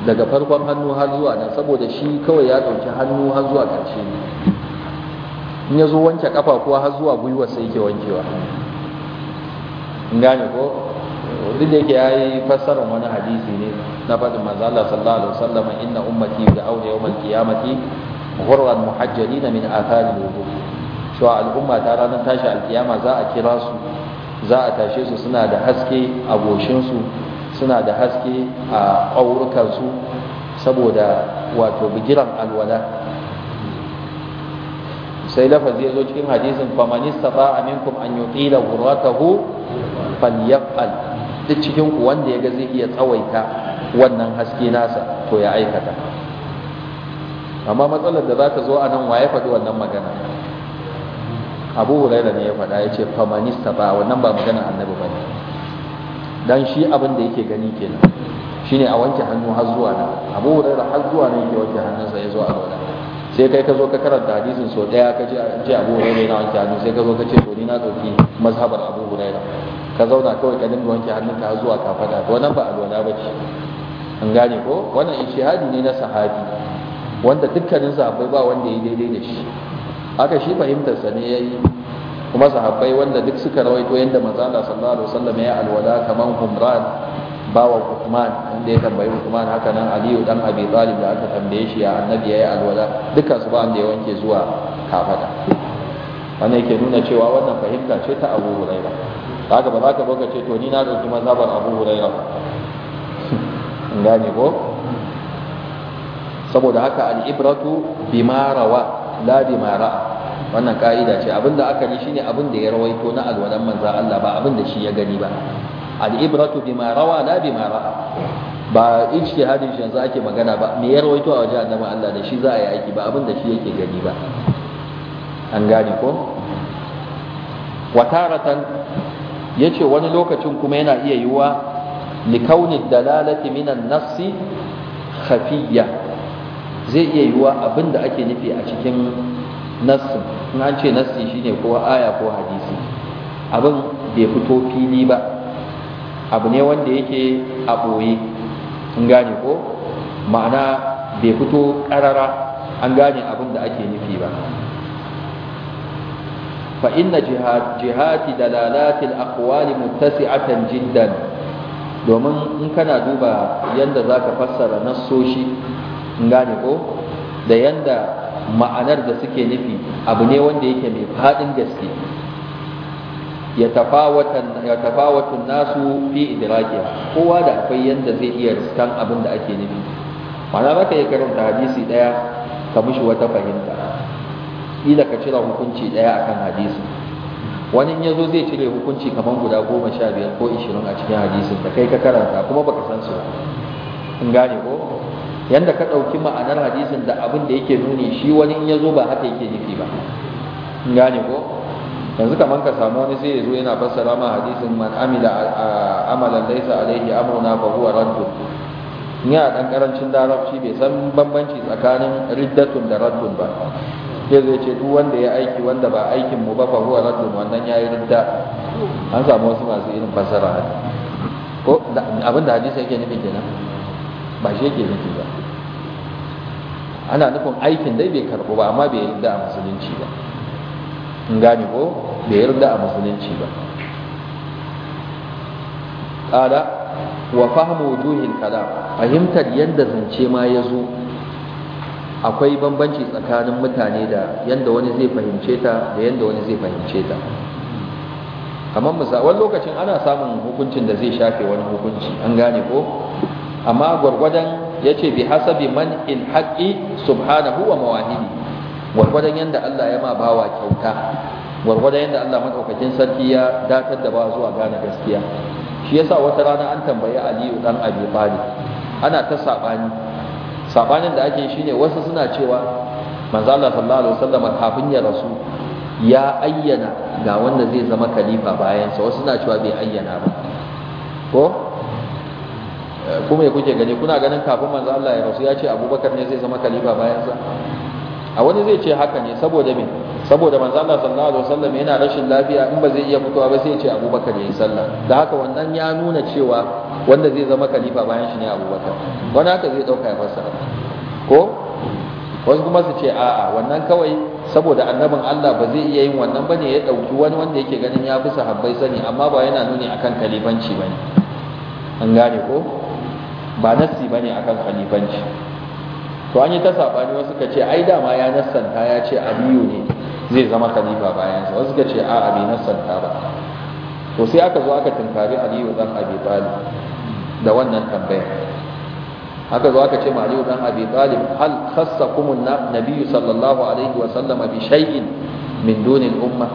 daga farkon hannu har zuwa nan saboda shi kawai ya dauki hannu har zuwa ƙarshe ne in ya zo wanke kafa kuwa har zuwa gwiwa sai yake wankewa gani ko duk da yake yayi fassarar wani hadisi ne na faɗin manzo Allah sallallahu alaihi wasallam inna ummati da auna yawmal qiyamati ghurran muhajjalina min athari wudu cewa al'umma ta ranar tashi alkiyama za a kira su za a tashe su suna da haske a goshinsu suna da haske a su saboda wato bigiran alwala sai lafazi ya zo cikin hadisin famanista ba a minkum an yi ƙila wuratahu falyafal duk cikinku wanda ya ga zai iya tsawaita wannan haske nasa to ya aikata amma matsalar da za ta zo a nan waye faɗi wannan magana abu huraira ne ya faɗa ya ce famanista ba wannan ba magana annabi ba ne don shi abin da yake gani ke nan. Shi ne a wanke hannu har zuwa nan abu huraira har zuwa nan yake wanke hannunsa ya zo a zauna sai kai ka zo ka karanta hadisin so daya ka ce abu huraira yana wanke hannu sai ka zo ka ce to ni na ɗauki mazhabar abu huraira ka zauna kawai ka dinga wanke hannunka har zuwa faɗa, to wannan ba a gona ba ce an gane ko wannan ishihadi ne na sahabi wanda dukkanin sahabbai ba wanda ya yi daidai da shi aka shi fahimtarsa ne ya yi kuma sahabbai wanda duk suka rawaito yadda maza sallallahu alaihi wasallam ya alwala kamar humran bawa Uthman inda ya tambayi Uthman haka nan Aliyu dan Abi Talib da aka tambaye shi ya annabi ya yi alwala dukkan su ba wanda ya wanke zuwa kafada wannan yake nuna cewa wannan fahimta ce ta Abu Hurairah haka ba za ka baka ce to ni na dauki mazhabar Abu Hurairah [laughs] gane ko saboda haka al'ibratu bimarawa la bimara wannan ka'ida ce abinda aka yi shine abinda ya rawaito na alwalan manza Allah ba abinda shi ya gani ba al'ibratu bimarawa la bimara ba hadin shi yanzu ake magana ba me ya rawaito a waje annabi Allah da shi za a yi aiki ba abinda shi yake gani ba an gane ko wataratan yace wani lokacin kuma yana iya yiwa likaunin dalalati minan nassi khafiyya zai iya yiwuwa abin da ake nufi a cikin nassin in an ce nassi shine ko aya ko hadisi abin bai fito fili ba abu ne wanda yake a ɓoye in gane ko ma'ana bai fito ƙarara an gane abin da ake nufi ba فإن جهات جهات دلالات الأقوال متسعة جدا domin in kana duba yadda za ka fassara nassoshi gane ko da yanda ma'anar da suke nufi abu ne wanda yake mai faɗin gaske ya tafawatun nasu fi idrakiya kowa da akwai yanda zai iya riskan abin da ake nufi mana maka ya karanta hadisi ɗaya ka mishi wata fahimta kila ka cire hukunci ɗaya akan hadisi wani ya zo zai cire hukunci kamar guda goma sha biyar ko ishirin a cikin hadisin da kai ka karanta kuma baka san su ba in gane ko yanda ka ɗauki ma'anar hadisin da abin da yake nuni shi wani in ya zo ba haka yake nufi ba gane ko yanzu kamar ka samu wani sai ya zo yana fassara ma hadisin man amila amalan laisa alaihi amruna fa huwa raddu ya dan karancin darabci bai san bambanci tsakanin riddatun da raddun ba sai zai ce duk wanda ya aiki wanda ba aikin mu ba fa huwa raddun wannan yayi ridda an samu wasu masu irin fassara ko abin da hadisi yake nufi kenan ba shi yake nufi ba ana nufin aikin dai bai karɓo ba amma bai yarda a musulunci ba in gane ko bai yarda a musulunci ba ƙada wa fahimu wujuhin kalam fahimtar yadda zance ma ya zo akwai bambanci tsakanin mutane da yadda wani zai fahimce ta da yadda wani zai fahimce ta kamar misali wani lokacin ana samun hukuncin da zai shafe wani hukunci an gane ko amma gwargwadon ya ce bi hasabi man in haƙi subhanahu wa mawahidi gwargwadon yadda Allah ya ma bawa kyauta gwargwadon yadda Allah madaukakin sarki ya datar da ba zuwa gane gaskiya shi yasa wata rana an tambayi Aliyu dan Abi Talib ana ta sabani Saɓanin da ake shine wasu suna cewa manzo Allah sallallahu alaihi wasallam kafin ya rasu ya ayyana ga wanda zai zama khalifa bayansa wasu suna cewa bai ayyana ba ko kuma ya kuke gani kuna ganin kafin manzo Allah ya rasu ya ce Abubakar ne zai zama khalifa bayan sa a wani zai ce haka ne saboda me saboda manzo Allah sallallahu alaihi wasallam yana rashin lafiya in ba zai iya fitowa ba sai ya ce Abubakar yi sallah da haka wannan ya nuna cewa wanda zai zama khalifa bayan shi ne Abubakar wani haka zai dauka ya fassara ko wasu kuma su ce a'a wannan kawai saboda annabin Allah ba zai iya yin wannan bane ya dauki wani wanda yake ganin ya fi sahabbai sani amma ba yana nuni akan kalifanci bane an gane ko ba nassi ne akan khalifanci to an yi ta sabani wasu ka ce ai dama ya nassanta ya ce aliyu ne zai zama khalifa bayan sa wasu ka ce a abi nassanta ba to sai aka zo aka tunkari aliyu dan abi talib da wannan tambaya aka zo aka ce ma aliyu dan abi talib hal khassakum nabiyyu sallallahu alaihi wa sallama bi shay'in min dunil umma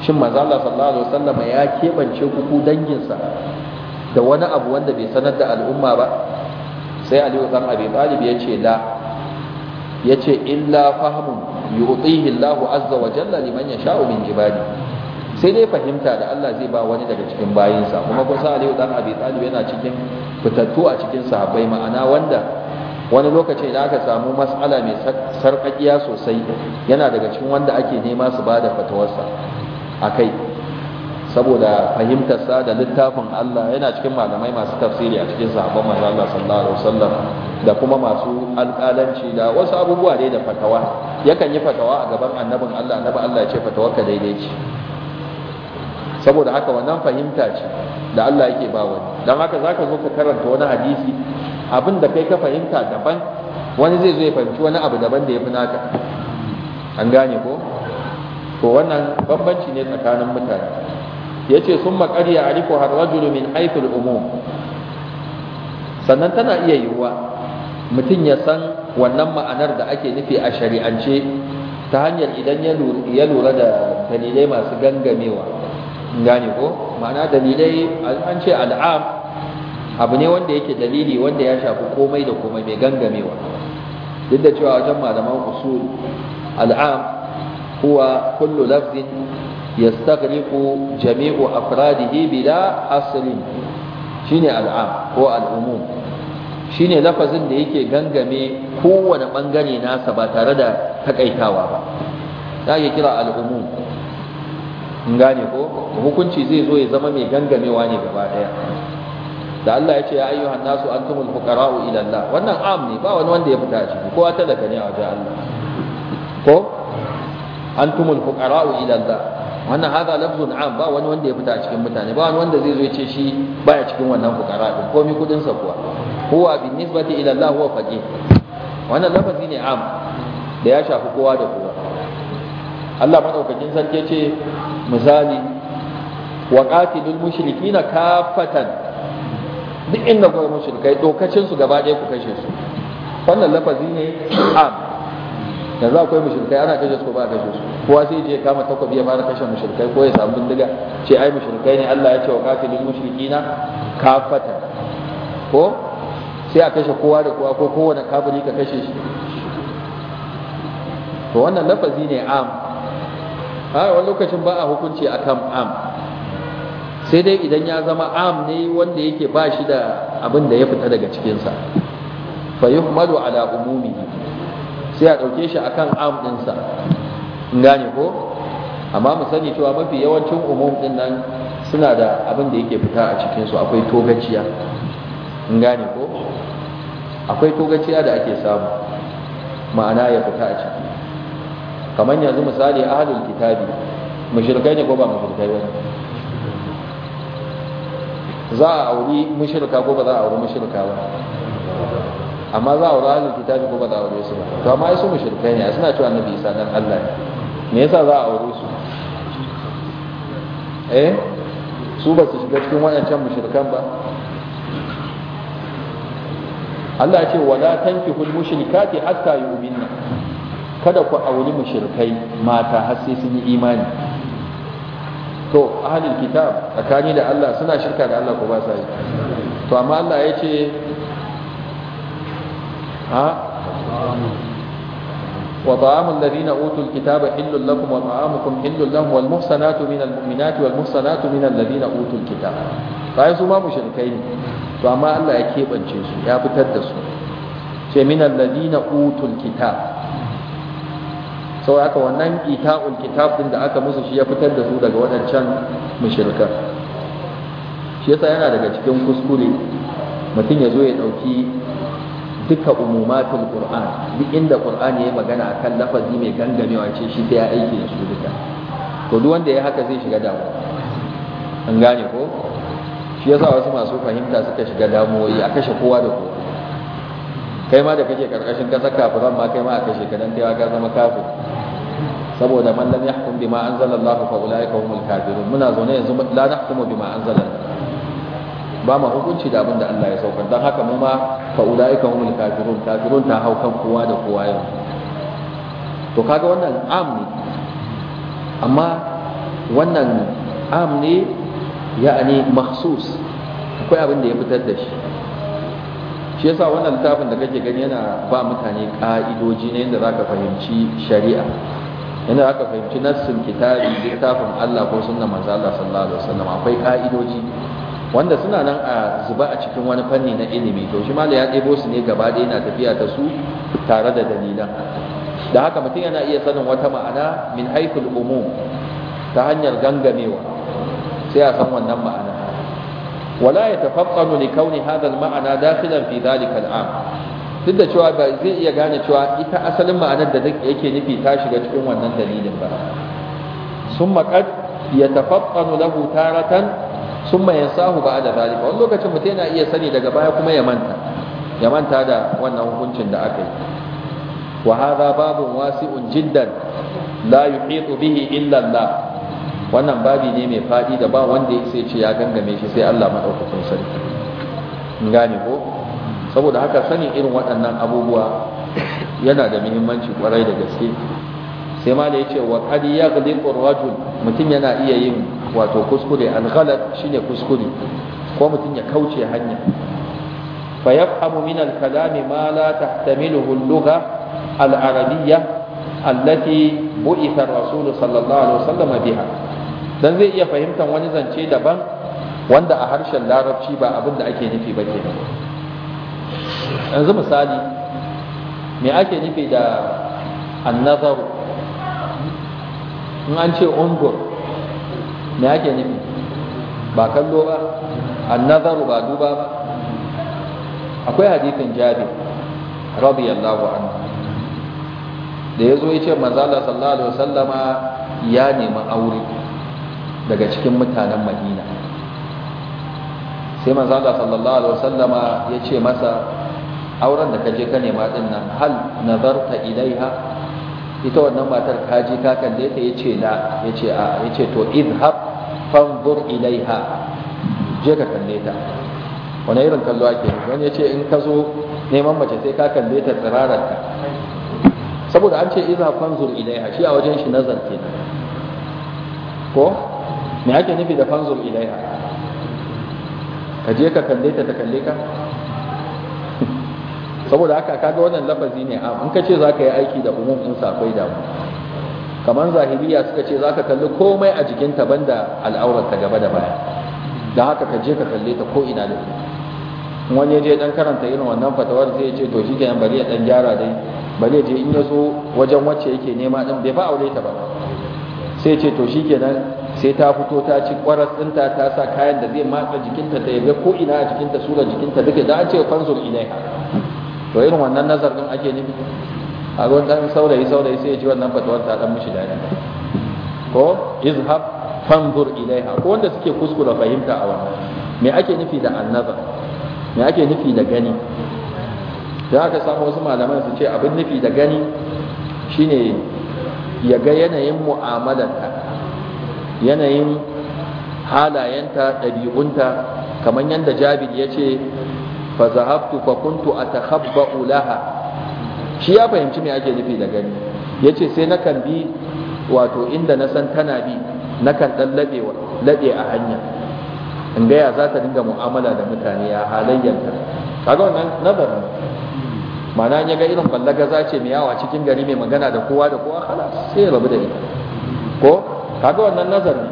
shin manzo Allah sallallahu alaihi wa sallama ya kebance ku ku dangin sa da wani abu wanda bai sanar da al'umma ba sai aliyu dan abi talib ya ce la ya ce illa fahmu yu'tihi Allah azza wa jalla liman yasha'u min ibadi sai dai fahimta da Allah zai ba wani daga cikin bayinsa kuma kun sai aliyu dan abi talib yana cikin fitattu a cikin sahabbai ma'ana wanda wani lokaci da aka samu mas'ala mai sarƙaƙiya sosai yana daga cikin wanda ake nema su ba da fatawarsa a kai saboda fahimtarsa da littafin Allah yana cikin malamai masu tafsiri a cikin sahabban manzo Allah sallallahu alaihi wasallam da kuma masu alƙalanci da wasu abubuwa dai da fatawa yakan yi fatawa a gaban annabin Allah annabi Allah ya ce fatawarka daidai ce saboda haka wannan fahimta ce da Allah yake ba wani dan haka zaka zo ka karanta wani hadisi abin da kai ka fahimta daban wani zai zo ya fahimci wani abu daban da ya fi naka an gane ko to wannan bambanci ne tsakanin mutane yace summa ya ya'rifu har rajulu min haythu al-umum sannan tana iya yiwuwa mutum ya san wannan ma'anar da ake nufi a shari'ance ta hanyar idan ya lura da dalilai masu gangamewa gane ko ma'ana dalilai an ce al'am abu ne wanda yake dalili wanda ya shafi komai da komai mai gangamewa duk da cewa wajen malaman usul al'am huwa kullu lafzin yastaghriqu jami'u afradihi bila aslin shine al'am ko al'umum shine lafazin da yake gangame kowane bangare nasa ba tare da takaitawa ba za kira al'umum gane ko hukunci zai zo ya zama mai gangamewa ne gaba daya da Allah ya ce ya ayyuhan nasu antumul fuqara'u ila Allah wannan am ne ba wani wanda ya fita a ciki kowa daga ne a wajen Allah ko antumul fuqara'u ila Allah wannan haza lafzun am ba wani wanda ya fita a cikin mutane ba wani wanda zai zo ya ce shi baya cikin wannan fukara din komai kudin sa kuwa huwa bi nisbati ila Allah huwa faqih wannan lafazi ne am da ya shafi kowa da kowa Allah madaukakin sarki ce misali wa qatilul mushrikina kafatan duk inda ga mushrikai dokacin su gaba ɗaya ku kashe su wannan lafazi ne am yanzu akwai mushrikai ana kashe su ko ba kashe su kowa sai je kama takobi ya fara kashe mushrikai ko ya samu bindiga ce ai mushrikai ne Allah ya ce wa kafilul mushrikina kafata ko sai a kashe kowa da kowa ko kowane kafiri ka kashe shi to wannan lafazi ne am a wani lokacin ba a hukunci akan am sai dai idan ya zama am ne wanda yake ba shi da abin da ya fita daga cikinsa fa yuhmadu ala umumihi sai a ɗauke shi akan am ɗinsa gane ko amma mu sani cewa mafi yawancin umum ɗin nan suna da abin da yake fita a cikinsu akwai togaciya gane ko akwai togaciya da ake samu ma'ana ya fita a ciki kamar yanzu misali ahalul kitabi mushrikai ne ko ba mushrikai ba za a auri mushrika ko ba za a auri mushrika ba amma za a wurin ahlul kitabi ko ba za a aure su ba to amma ai su mushrikai ne a suna cewa annabi isa dan Allah ne me yasa za a aure su eh su ba su shiga cikin waɗancan mushrikan ba Allah ya ce wala tankihul mushrikati hatta yu'minna kada ku auri mushrikai mata har sai sun yi imani to ahlul kitab tsakani da Allah suna shirka da Allah ko ba sa yi to amma Allah ya ce Wa wa mun lari na utul kita ba hindu wa ma wa mun hindu la ku? Walmursana tuni na Almuminati walmursana na lari na utul kita. Ba yanzu ma amma Allah ya keɓance su ya fitar su. Sai minan lari na utul kita. Sauyaka, wannan itacul kitab ɗin da aka musu shi ya fitar da su daga wadancan mu shirka. Shisa yana daga cikin kuskure mutum ya zo ya ɗauki. duka umumatul qur'an duk inda qur'ani ya magana akan lafazi mai gangamewa ce shi sai ya aiki da su duka to duk wanda ya haka zai shiga damuwa an gane ko shi yasa wasu masu fahimta suka shiga damuwoyi a kashe kowa da kowa kai ma da kake karkashin kasar kafiran ma kai ma a kashe ka dan kai ka zama kafir saboda man lam yahkum bima Allah fa ulaika humul kafirun muna zaune yanzu la nahkumu bima anzala ba ma hukunci da abin da Allah ya saukar dan haka mu ma fa ulaika humul kafirun kafirun ta hau kan kowa da kowa yau to kaga wannan am ne amma wannan am ne ya'ani makhsus akwai abin da ya fitar da shi shi yasa wannan littafin da kake gani yana ba mutane ka'idoji ne yadda zaka fahimci shari'a yadda ka fahimci nassin kitabi littafin Allah ko sunnar manzo Allah sallallahu alaihi wasallam akwai ka'idoji wanda suna nan a zuba a cikin wani fanni na ilimi to shi ya ɗebo su ne gaba ɗaya na tafiya ta su tare da dalilan da haka mutum yana iya sanin wata ma'ana min haiful umum ta hanyar gangamewa sai a san wannan ma'ana wala ya tafaqqanu li kauni hadal ma'ana dakhilan fi dalika al duk da cewa ba zai iya gane cewa ita asalin ma'anar da yake nufi ta shiga cikin wannan dalilin ba summa qad yatafaqqanu lahu taratan sun mayan sahu ba da ba. wani lokacin mutum yana iya sani daga baya kuma ya manta ya manta da wannan hukuncin da aka yi wa hadha babun wasi'un jiddan la yuhitu bihi illa Allah wannan babi ne mai fadi da ba wanda yake ce ya gangame shi sai Allah madaukakin sarki gane ko saboda haka sani irin waɗannan abubuwa yana da muhimmanci kwarai da gaske sai ma da yace wa qad yaghliqu mutum yana iya yin wato kuskure al shine kuskure ko mutum ya kauce hanya fa yafhamu min al-kalami ma la tahtamiluhu al-lugha al-arabiyya allati bu'itha ar-rasul sallallahu alaihi wasallam biha dan zai iya fahimtar wani zance daban wanda a harshen larabci ba abin da ake nufi ba kenan yanzu misali me ake nufi da annazaru in an ce ungur me ake nufi ba kallo ba annazaru ba duba ba akwai hadithin jabi, radiyallahu anhu da yazo yace manzo Allah sallallahu alaihi wasallama ya nemi aure daga cikin mutanen Madina sai manzo Allah sallallahu alaihi wasallama yace masa auren da kaje ka nema din nan hal nazarta ilaiha ita wannan matar kaji ka kalle ta yace la yace a yace to idhab fanzur ilaiha je ka kalle ta wani irin kallo ake wani ya ce in ka zo neman mace sai ka kalle ta tsirararta saboda an ce iza fanzur ilaiha shi a wajen shi nazar kenan ko me ake nufi da fanzur ilaiha ka je ka kalle ta ta kalle ka [laughs] saboda haka kaga wannan lafazi ne a in ka ce za ka yi aiki da umum in sakwai akwai damu kamar zahiriya suka ce za ka kalli komai a jikinta banda al'aurar ta gaba da baya Da haka ka je ka kalle ta ko ina da wani je dan karanta irin wannan fatawar sai ya ce to shikenan bari ya dan gyara dai bari je in ya so wajen wacce yake nema din bai fa aure ta ba sai ce to shikenan sai ta fito ta ci kwaras dinta ta sa kayan da zai matsa jikinta ta yabe ko ina a jikinta sura jikinta duka da an ce fanzur ilaiha to irin wannan nazar din ake nufi a ruwan dan saurayi saurayi sai ya ji wannan fatuwar ta dan mishi dadi ko izhab fanzur ilaiha ko wanda suke kuskura fahimta a wannan me ake nufi da annaba me ake nufi da gani da aka samu wasu malaman su ce abin nufi da gani shine ya ga yanayin mu'amalarta yanayin halayenta ɗabi'unta kamar yadda jabir ya ce fa zahabtu fa kuntu atakhabba'u laha shi ya fahimci me ake nufi da gani Ya ce sai na kan bi wato inda na san tana bi na kan dan laɓe a hanya in gaya za ta dinga mu'amala da mutane a halayyanta kaga wannan nazarin mana ya ga irin ballaga za ce miyawa cikin gari mai magana da kowa da kowa hala sai ya rabu da ita ko kaga wannan nazarin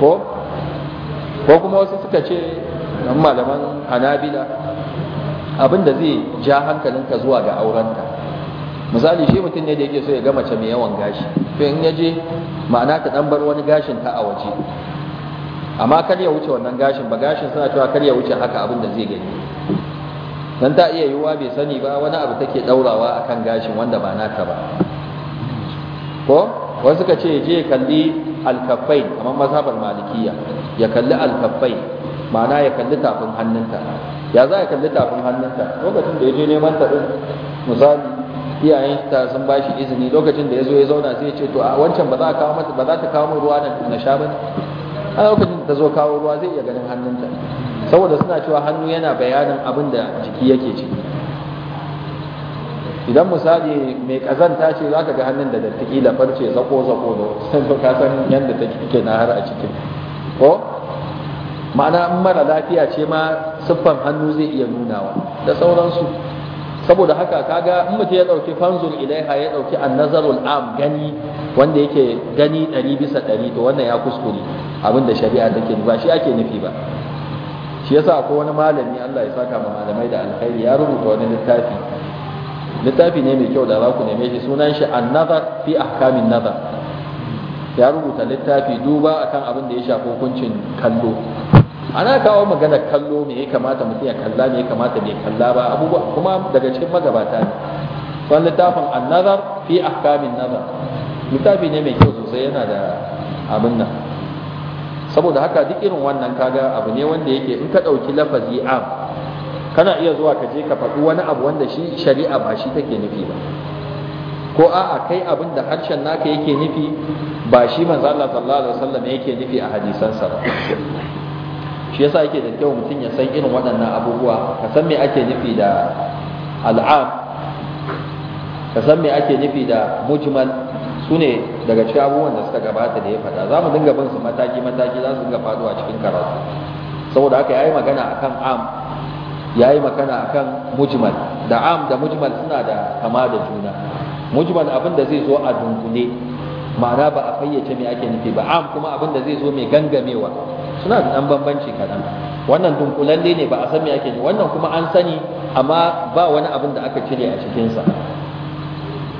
ko ko kuma wasu suka ce malaman hanabila abinda zai ja hankalinka zuwa ga aurenta misali shi mutum ne da yake so ya ga mace mai yawan gashi to in ya je ma'ana ta dan bar wani gashin ta a waje amma kar ya wuce wannan gashin ba gashin suna cewa kar ya wuce haka abin da zai gani dan ta iya yiwuwa bai sani ba wani abu take daurawa akan gashin wanda ba naka ba ko wasu ka ce je kalli alkafai amma mazhabar malikiya ya kalli alkafai ma'ana ya kalli tafin hannunta ya za ya kalli tafin hannunta lokacin da ya je neman ta din misali iyayen ta sun ba shi izini lokacin da ya zo ya zauna sai ya ce to a wancan ba za kawo mata ba za ta kawo min ruwa na sha ba a lokacin da ta zo kawo ruwa zai iya ganin hannunta saboda suna cewa hannu yana bayanin abin da jiki yake ciki idan misali mai kazanta ce za ka ga hannun da dattaki da farce zako zako da sai ka san yadda take na har a cikin ko ma'ana in mara lafiya ce ma siffan hannu zai iya nunawa da sauransu saboda haka kaga in mutum ya ɗauki fanzul ilaiha ya ɗauki annazarul am gani wanda yake gani ɗari bisa ɗari to wannan ya kuskure abinda shari'a take ba shi ake nufi ba shi yasa ko wani malami Allah ya saka ma malamai da alkhairi ya rubuta wani littafi littafi ne mai kyau da za ku neme shi sunan shi annazar fi ahkamin nazar ya rubuta littafi duba akan abin da ya shafi hukuncin kallo ana kawo magana kallo me ya kamata mutum ya kalla me ya kamata bai kalla ba abubuwa kuma daga cikin magabata ne wani littafin annazar fi ahkamin nazar littafi ne mai kyau sosai yana da abin nan saboda haka duk irin wannan kaga abu ne wanda yake in ka ɗauki lafazi am kana iya zuwa ka je ka faɗi wani abu wanda shi shari'a ba shi take nufi ba ko a'a kai abin da harshen naka yake nufi ba shi manzo Allah sallallahu alaihi wasallam yake nufi a hadisansa ba shi yasa yake da kyau mutum ya san irin waɗannan abubuwa ka san me ake nufi da al'am ka san me ake nufi da mujmal su ne daga cikin abubuwan da suka gabata da ya faɗa za mu dinga bin su mataki mataki za su dinga faɗuwa cikin karatu saboda haka yayi magana akan am yayi magana akan mujmal da am da mujmal suna da kama da juna mujmal abin da zai zo a dunkule ma'ana ba a fayyace me ake nufi ba am kuma abin da zai zo mai gangamewa suna da ɗan bambanci kaɗan wannan dunkulalle ne ba a san me ake ne wannan kuma an sani amma ba wani abin da aka cire a cikinsa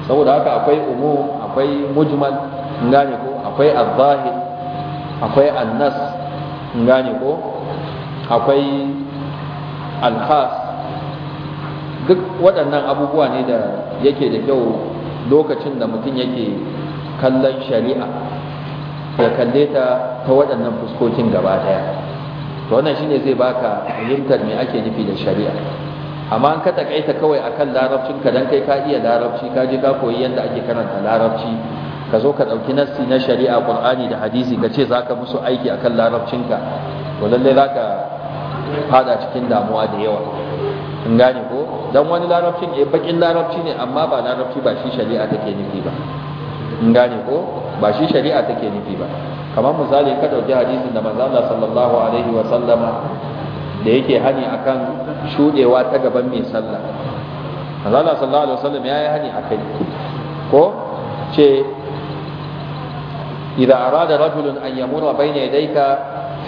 saboda haka akwai umu akwai mujmal gane ko akwai al-zahir akwai annas gane ko akwai al-khas duk waɗannan abubuwa ne da yake da kyau lokacin da mutum yake kallon shari'a ka kalle ta ta waɗannan fuskokin gaba daya to wannan shine zai baka fahimtar me ake nufi da shari'a amma an ka takaita kawai akan larabcin ka dan kai ka iya larabci ka je ka koyi yadda ake karanta larabci ka zo ka ɗauki nassi na shari'a qur'ani da hadisi ka ce zaka musu aiki akan larabcinka to lalle zaka fada cikin damuwa da yawa in gane ko dan wani larabcin eh bakin larabci ne amma ba larabci ba shi shari'a take nufi ba in gane ko ba shi shari'a take nufi ba kamar misali ka dauki hadisin da manzo Allah sallallahu alaihi wa sallama da yake hani akan shudewa ta gaban mai sallah manzo Allah sallallahu alaihi wa sallam ya yi hani akan ko ce idan arada rajul an yamura bayna yadayka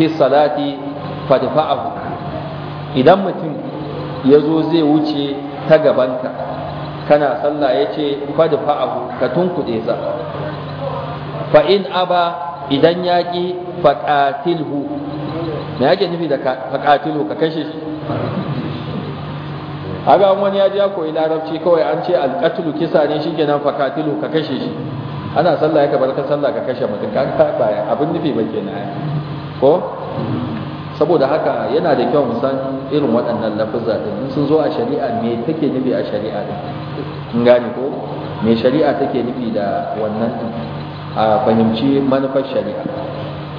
fi salati fadfa'ahu idan mutum yazo zai wuce ta gabanka kana sallah yace fadfa'ahu ka tunkuɗe sa fa in aba idan yaki faqatilhu me yake nufi da faqatilu ka kashe shi aga wani ya ji ya larabci kawai an ce alqatlu kisa ne kenan faqatilu ka kashe shi ana sallah ya kabar ka sallah ka kashe mutum ka baya abin nufi ba kenan ko saboda haka yana da kyau san irin waɗannan lafuzza din sun zo a shari'a me take nufi a shari'a din kin gane ko me shari'a take nufi da wannan a fahimci manufar shari'a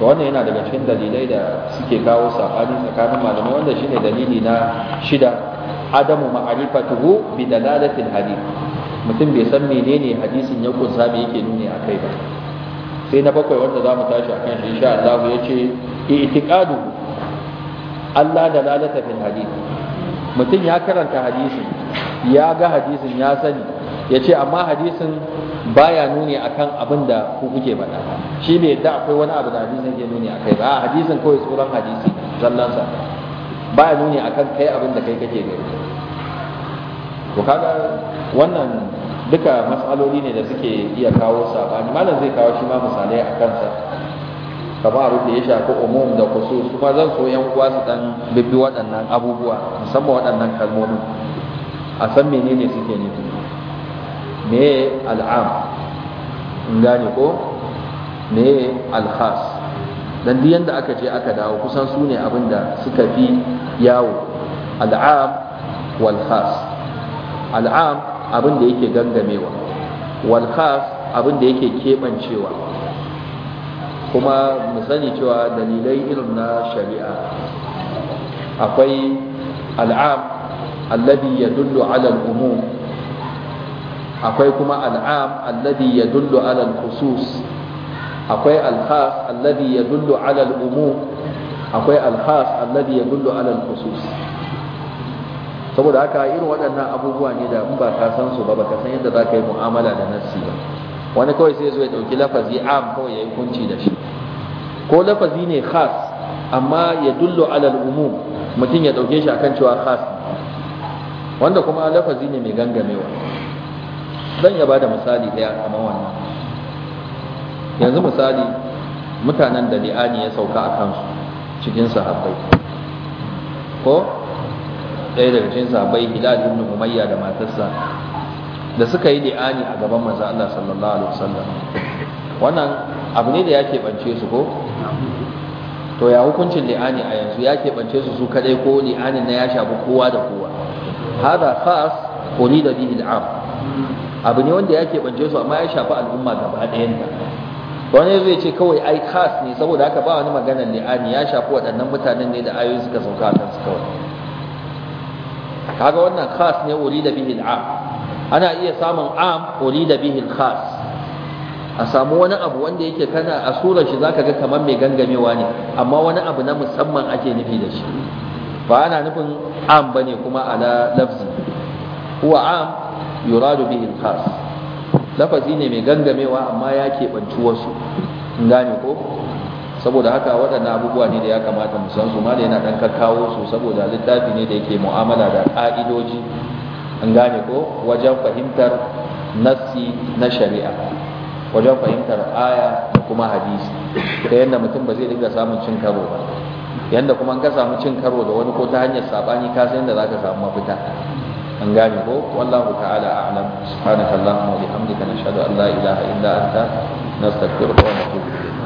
to wannan yana daga cikin dalilai da suke kawo sabani tsakanin malamai wanda shine dalili na shida adamu ma'rifatuhu bi dalalatil hadith mutum bai san menene hadisin ya kunsa me yake nuni kai ba sai na bakwai wanda za mu tashi akan shi insha Allah yace i'tiqadu Allah dalalata fil hadith mutum ya karanta hadisin ya ga hadisin ya sani Ya ce amma hadisin baya nuni akan abin da ku kuke faɗa shi bai yadda akwai wani abu da hadisin ke nuni akai ba hadisin kawai tsoron hadisi sa baya nuni akan kai abin da kai kake gari to kaga wannan duka matsaloli ne da suke iya kawo sabani malam zai kawo shi ma misalai a kansa kamar abin da ya shafi umum da kusus kuma zan so yan uwa su dan bibbi waɗannan abubuwa musamman waɗannan kalmomin a san menene suke nufi me al'am in gane ko me al'khas dan duk yanda aka je aka dawo kusan sune ne abinda suka fi yawo al'am wal al'am abinda yake gangamewa wal abinda yake keɓancewa. kuma mu sani cewa dalilai irin na shari'a akwai al'am alladhi yadullu ala al-umum akwai kuma al'am alladhi yadullu ala al-khusus akwai al-khas alladhi yadullu ala al-umum akwai al-khas alladhi yadullu ala al-khusus saboda haka irin waɗannan abubuwa ne da in ba ka san su ba ba ka san yadda za ka yi mu'amala da nafsi ba wani kawai sai zo ya ɗauki lafazi am kawai ya yi kunci da shi ko lafazi ne khas amma ya dullo alal umum mutum ya ɗauke shi akan cewa khas wanda kuma lafazi ne mai gangamewa zan ya bada misali daya kamar wannan yanzu misali mutanen da li'ani ya sauka a kansu cikin sahabbai ko ɗaya daga cikin sahabbai hilal ibn umayya da matarsa da suka yi li'ani a gaban manzo Allah sallallahu alaihi wasallam wannan abu ne da ya bance su ko to ya hukuncin li'ani a yanzu ya bance su su kadai ko li'anin na ya shafi kowa da kowa hada khas da bihi am. abu ne wanda ya keɓance su amma ya shafi al'umma gaba ɗayanta wani zai ce kawai ai khas ne saboda haka ba wani maganar li'ani ya shafi waɗannan mutanen ne da ayoyi suka sauka a kansu kawai kaga wannan khas ne wuri da bihi al'am ana iya samun am da bihi khas a samu wani abu wanda yake kana a surar shi zaka ga kamar mai gangamewa ne amma wani abu na musamman ake nufi da shi ba ana nufin am bane kuma ala lafzi huwa am yuradu bihi khas lafazi ne mai gangamewa amma ya banci wasu gane ko saboda haka waɗannan abubuwa ne da ya kamata mu san su ma da yana ɗan kakkawo su saboda littafi ne da yake mu'amala da ƙa'idoji an gane ko wajen fahimtar nassi na shari'a wajen fahimtar aya da kuma hadisi ta yadda mutum ba zai dinga samun cin karo ba yanda kuma ka samu cin karo da wani ko ta hanyar saɓani ka san yadda za ka samu mafita an gane ko wallahu ta'ala a'lam subhanaka allahumma wa bihamdika nashhadu an la ilaha illa anta nastaghfiruka wa natubu ilayk